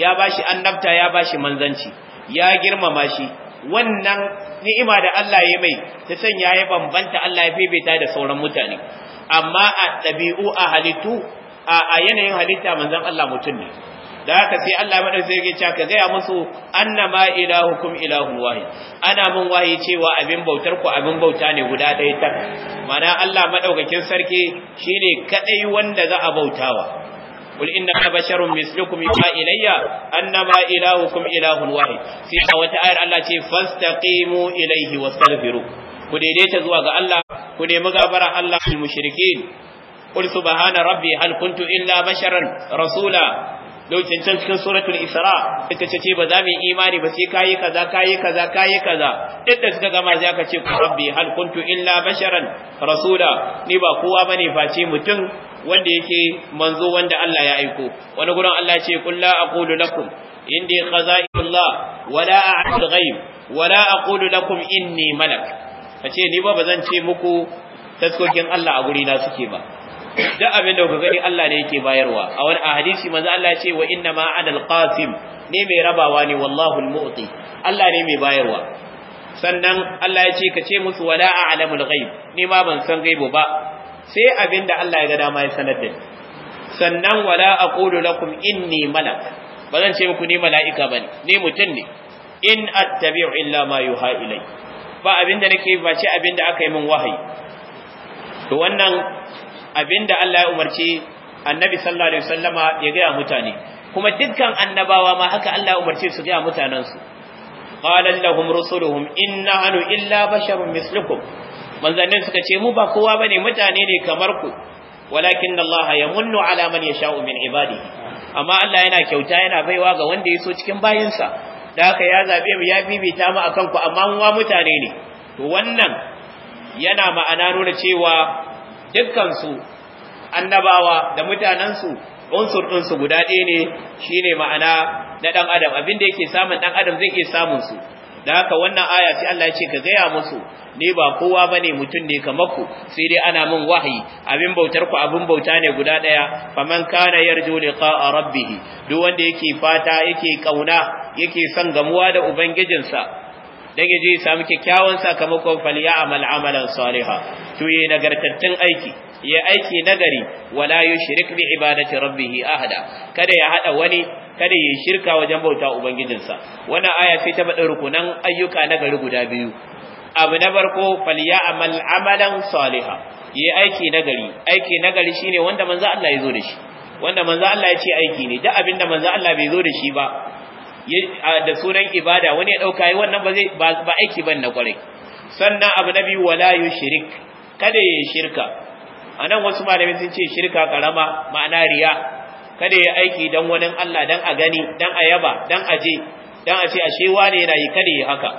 ya bashi annabta ya bashi manzanci ya girmama shi wannan ni'ima da Allah ya mai ta sanya ya bambanta Allah ya fifita da sauran mutane amma a dabi'u, a halittu a yanayin halitta manzon Allah mutum ne da haka sai Allah madaukakin sarki cewa ka gaya musu annama ilahukum ilahu wahid ana mun wahi cewa abin bautar ku abin bauta ne guda ɗaya ta mana Allah maɗaukakin sarki shine kaɗai wanda za a bautawa قل إنما بشر مثلكم يوحى إلي أنما إلهكم إله واحد في آية الله فاستقيموا إليه واستغفروه ku daidaita zuwa ga Allah ku nemi gafarar Allah al mushrikin qul subhana rabbi hal kuntu illa basharan rasula lokacin can cikin suratul isra suka ce ba za mu yi imani ba sai kayi kaza kayi kaza kayi kaza duk da suka gama sai aka ce ku rabbi hal kuntu illa basharan rasula ni ba kowa bane face mutum wanda yake manzo wanda Allah ya aiko wani gurin Allah ce qul la aqulu lakum indi Allah wala a'lamu al-ghaib wala aqulu lakum inni malak ka ce ni ba ba zan ce muku taskokin Allah a guri na suke ba duk abin da kuka gani Allah ne yake bayarwa a wani hadisi manzo Allah ya ce wa inna ma ana ne mai rabawa ne wallahu muti Allah ne mai bayarwa sannan Allah ya ce ka ce musu wala a'lamul ghaib ni ma ban san gaibu ba sai abin da Allah ya ga dama ya sanar da ni sannan wala aqulu lakum inni malak ba zan ce muku ni mala'ika bane ni mutum ne in attabi'u illa ma yuha ilayya ba abinda nake ba ce abinda aka yi min wahayi to wannan abinda Allah ya umarci annabi sallallahu alaihi wasallama ya ga mutane kuma dukkan annabawa ma haka Allah ya umarci su ga su qala lahum rusuluhum inna anu illa basharun mislukum manzannin suka ce mu ba kowa bane mutane ne kamar ku walakin Allah ya munnu ala man yasha'u min ibadihi amma Allah yana kyauta yana baiwa ga wanda ya so cikin bayinsa da ya zabe mu ya bibita mu akan ku amma mu mutane ne to wannan yana ma'ana nuna cewa dukkan su annabawa da mutanen su unsur din su guda ɗaya ne shine ma'ana na dan adam abin da yake samun dan adam zai iya samun su da haka wannan aya sai Allah ya ce ka gaya musu Ne ba kowa bane mutum ne kamar ku sai dai ana min wahayi abin bautar ku abin bauta ne guda daya faman kana yarju liqa rabbih duk wanda yake fata yake kauna yake son gamuwa da ubangijinsa dan yaje ya samu kyakkyawan sakamakon falya ya'mal amalan salihah to yayi nagartattun aiki ya aiki nagari wala yushrik bi ibadati rabbih ahada kada ya hada wani kada ya shirka wajen bauta ubangijinsa wannan aya sai ta bada rukunan ayyuka nagari guda biyu abu na farko falya ya'mal amalan salihah ya aiki nagari aiki nagari shine wanda manzo Allah ya zo da shi wanda manzo Allah ya ce aiki ne duk abinda manzo Allah bai zo da shi ba da sunan ibada wani ya ɗauka yi wannan ba zai ba aiki ban na kwarai sannan abu na biyu wala yushrik kada ya shirka anan wasu malamai sun ce shirka karama ma'ana riya kada ya aiki dan wani Allah dan a gani dan a yaba dan a je dan a ce ashe wane yana yi kada ya haka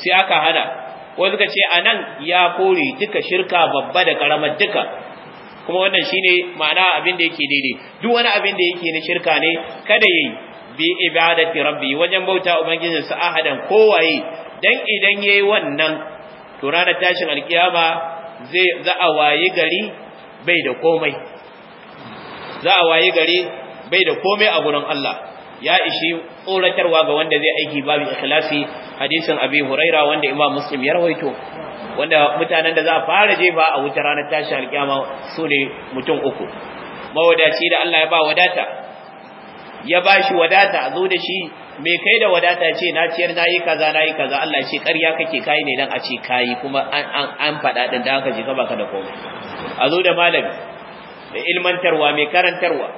sai aka hana ko suka ce anan ya kore duka shirka babba da karama duka kuma wannan shine ma'ana abin da yake daidai duk wani abin da yake na shirka ne kada yayi bi ibadati rabbi wajen bauta ubangijin sa ahadan kowaye dan idan yayi wannan to ranar tashin alkiyama zai za a waye gari bai da komai za a waye gari bai da komai a gurin Allah ya ishi tsoratarwa ga wanda zai aiki babu ikhlasi hadisin abi huraira wanda imam muslim ya rawaito wanda mutanen da za a fara ba a wuta ranar tashin alkiyama su ne mutum uku mawadaci da Allah ya ba wadata ya ba shi wadata a zo da shi me kai da wadata ce na ciyar yi kaza na yi kaza Allah ce ƙarya kake kai ne dan a ce kai kuma an an an faɗa din da aka ji ka baka da komai a zo da malami da ilmantarwa mai karantarwa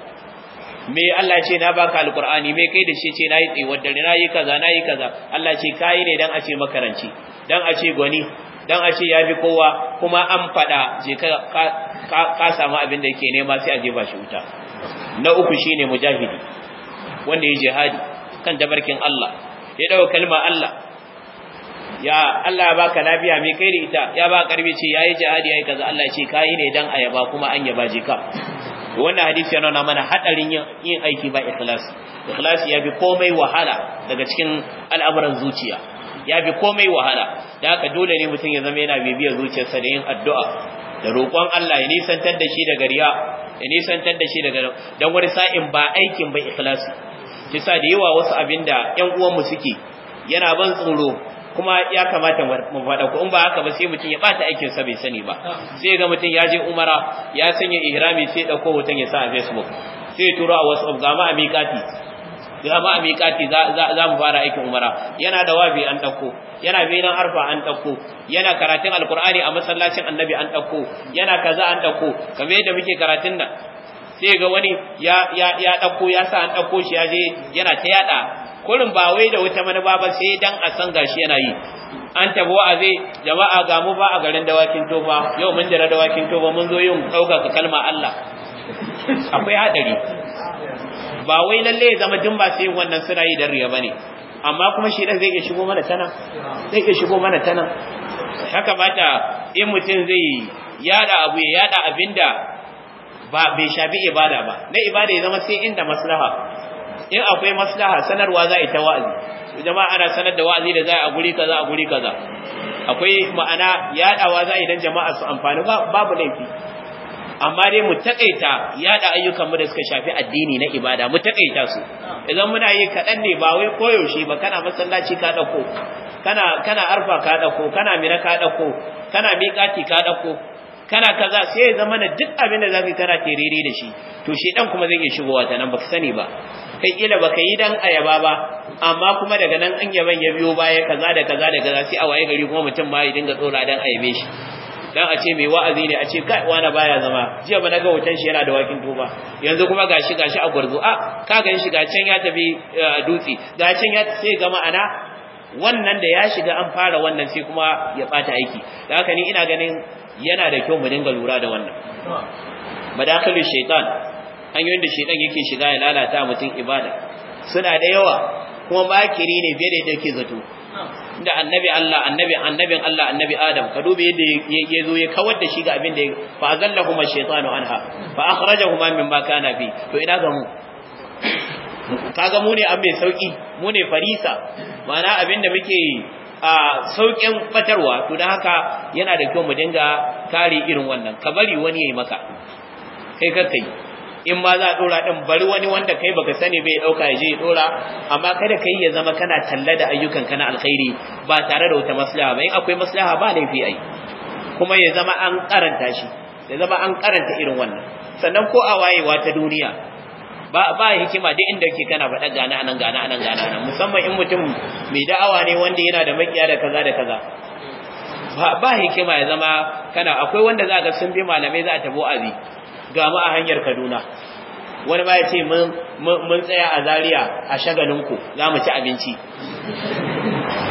me Allah ce na baka alqur'ani me kai da shi ce na nayi tsiwar dare yi kaza na yi kaza Allah ce kai ne dan a ce makaranci dan a ce gwani dan a ce ya fi kowa kuma an faɗa je ka ka samu abin da yake nema sai a jefa shi wuta na uku shine mujahidi wanda ya jihadi kan tabarkin Allah ya dawo kalma Allah ya Allah baka lafiya mai kai da ita ya ba karfi ce yayi jihadi yayi kaza Allah ce kai ne dan ayaba kuma an yaba je ka wannan hadisi yana nuna mana hadarin yin aiki ba ikhlas ikhlas ya bi komai wahala daga cikin al'amuran zuciya ya bi komai wahala da haka dole ne mutum ya zama yana bibiyar zuciyarsa da yin addu'a da roƙon Allah ya nisantar da shi daga riya ya nisantar da shi daga dan wani sa'in ba aikin ba ikhlasi kisa da yawa wasu abin da ƴan uwanmu suke yana ban tsoro kuma ya kamata mu faɗa ko in ba haka ba sai mutum ya bata aikin sa bai sani ba sai ga mutum ya je umara ya sanya ihrami sai dauko hoton ya sa a facebook sai turo a whatsapp ga ma a miƙati ga ma a miƙati za mu fara aikin umara yana da wabi an dauko yana benin arfa an dauko yana karatun alqur'ani a masallacin annabi an dauko yana kaza an dauko kamar yadda muke karatun nan sai ga wani ya ya ya sa an ɗauko shi ya yana ta yada kurin ba wai da wuta mana ba sai dan a san gashi yana yi an tabo a zai jama'a ga mu ba a garin dawakin toba, yau mun jira dawakin toba mun zo yin ɗaukaka kalma Allah akwai haɗari ba wai lalle ya zama tun ba sai wannan suna yi dan riya bane amma kuma shi dan zai iya shigo mana tana zai iya shigo mana tana haka bata in mutum zai yada abu ya yada abinda ba bai shafi ibada ba na ibada ya zama sai inda maslaha in akwai maslaha sanarwa za a ta wa'azi jama'a ana sanar da wa'azi da za a guri kaza a guri kaza akwai ma'ana yadawa za a idan jama'a su amfani babu laifi amma dai mu takaita yada ayyukan mu da suka shafi addini na ibada mu takaita su idan muna yi kaɗan ne ba wai koyaushe ba kana masallaci ka ɗauko kana kana arfa ka ɗauko kana mina ka ɗauko kana miƙati ka ɗauko kana kaza sai ya zama na duk abin da zaka kana tiriri da shi to dan kuma zai iya shigowa ta nan baka sani ba kai kila baka yi dan ayaba ba amma kuma daga nan an yaban ya biyo baya kaza da kaza da kaza sai a waye gari kuma mutum ma ya dinga tsora dan ayabe shi dan a ce mai wa'azi ne a ce kai wani baya zama jiya ba na ga hoton shi yana da wakin toba yanzu kuma gashi gashi a gurzu a ka gan shi gacen ya tafi eh, dutse gacen ya sai ga ma'ana wannan da ya shiga an fara wannan sai kuma ya bata aiki da haka ni ina ganin yana da kyau mu dinga lura da wannan madakhilu shaitan hanyoyin da shaitan yake shiga ya lalata mutum ibada suna da yawa kuma bakiri ne fiye da yake zato da annabi Allah annabi annabin Allah annabi Adam ka dubi yadda ya zo ya kawar da shi ga abin da ya fa azallahuma shaytanu anha fa akhrajahuma mimma kana fi to ina ga mu kaga mu ne an sauki mu ne farisa ma'ana abin da muke A saukin fatarwa to da haka yana da kyau mu dinga kare irin wannan ka bari wani yayi maka kai kai in ma za a dora din bari wani wanda kai baka sani bai dauka ya je ya dora amma kada kai ya zama kana talla da ayyukan kana alkhairi ba tare da wata maslaha ba in akwai maslaha ba laifi ai kuma ya zama an karanta shi ya zama an karanta irin wannan sannan ko a wayewa ta duniya ba ba hikima duk inda yake kana faɗa gana anan gana anan gana anan musamman in mutum mai da'awa ne wanda yana da makiya da kaza da kaza ba hikima ya zama kana akwai wanda za ga sun bi malamai za ta tabo azi ga mu a hanyar Kaduna wani ba ya ce mun tsaya a Zaria a shagalinku za mu ci abinci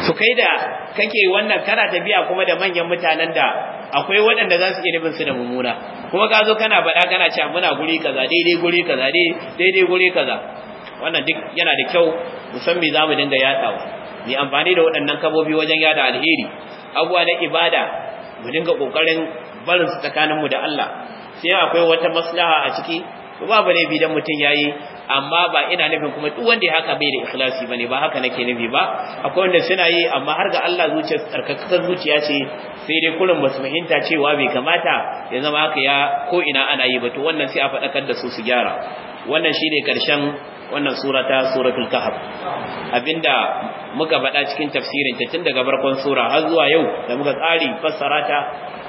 to kai da kake wannan kana tafiya kuma da manyan mutanen da akwai waɗanda za su iya nufin su da mummuna kuma ka zo kana baɗa kana cewa muna guri kaza daidai guri kaza daidai guri kaza wannan duk yana da kyau musamman za mu dinga yaɗawa mu amfani da waɗannan kabobi wajen yada alheri abuwa na ibada mu dinga ƙoƙarin barin su tsakaninmu da Allah sai akwai wata maslaha a ciki so babu bi dan mutum yayi amma ba ina nufin kuma duk wanda ya haka bai da ikhlasi bane ba haka nake nufi ba akwai wanda suna yi amma har ga Allah zuciya tsarkakakar zuciya ce sai dai kullum ba su fahimta cewa bai kamata ya zama haka ya ko ina ana yi ba to wannan sai a faɗakar da su su gyara wannan shine karshen wannan sura ta suratul kahf abinda muka faɗa cikin tafsirin ta tun daga barkon sura har zuwa yau da muka tsari fassara ta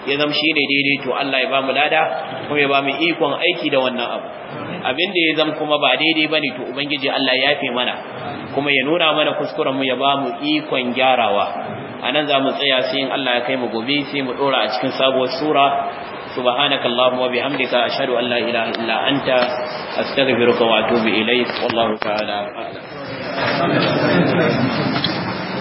ya zama shine daidai to Allah ya bamu lada kuma ya bamu ikon aiki da wannan abu abinda ya zama kuma ba daidai bane to ubangiji Allah ya yafe mana kuma ya nuna mana kuskuren mu ya bamu ikon gyarawa anan za mu tsaya sai in Allah ya kai mu gobe sai mu dora a cikin sabuwar sura سبحانك اللهم وبحمدك أشهد أن لا إله إلا أنت أستغفرك وأتوب إليك والله تعالى أعلم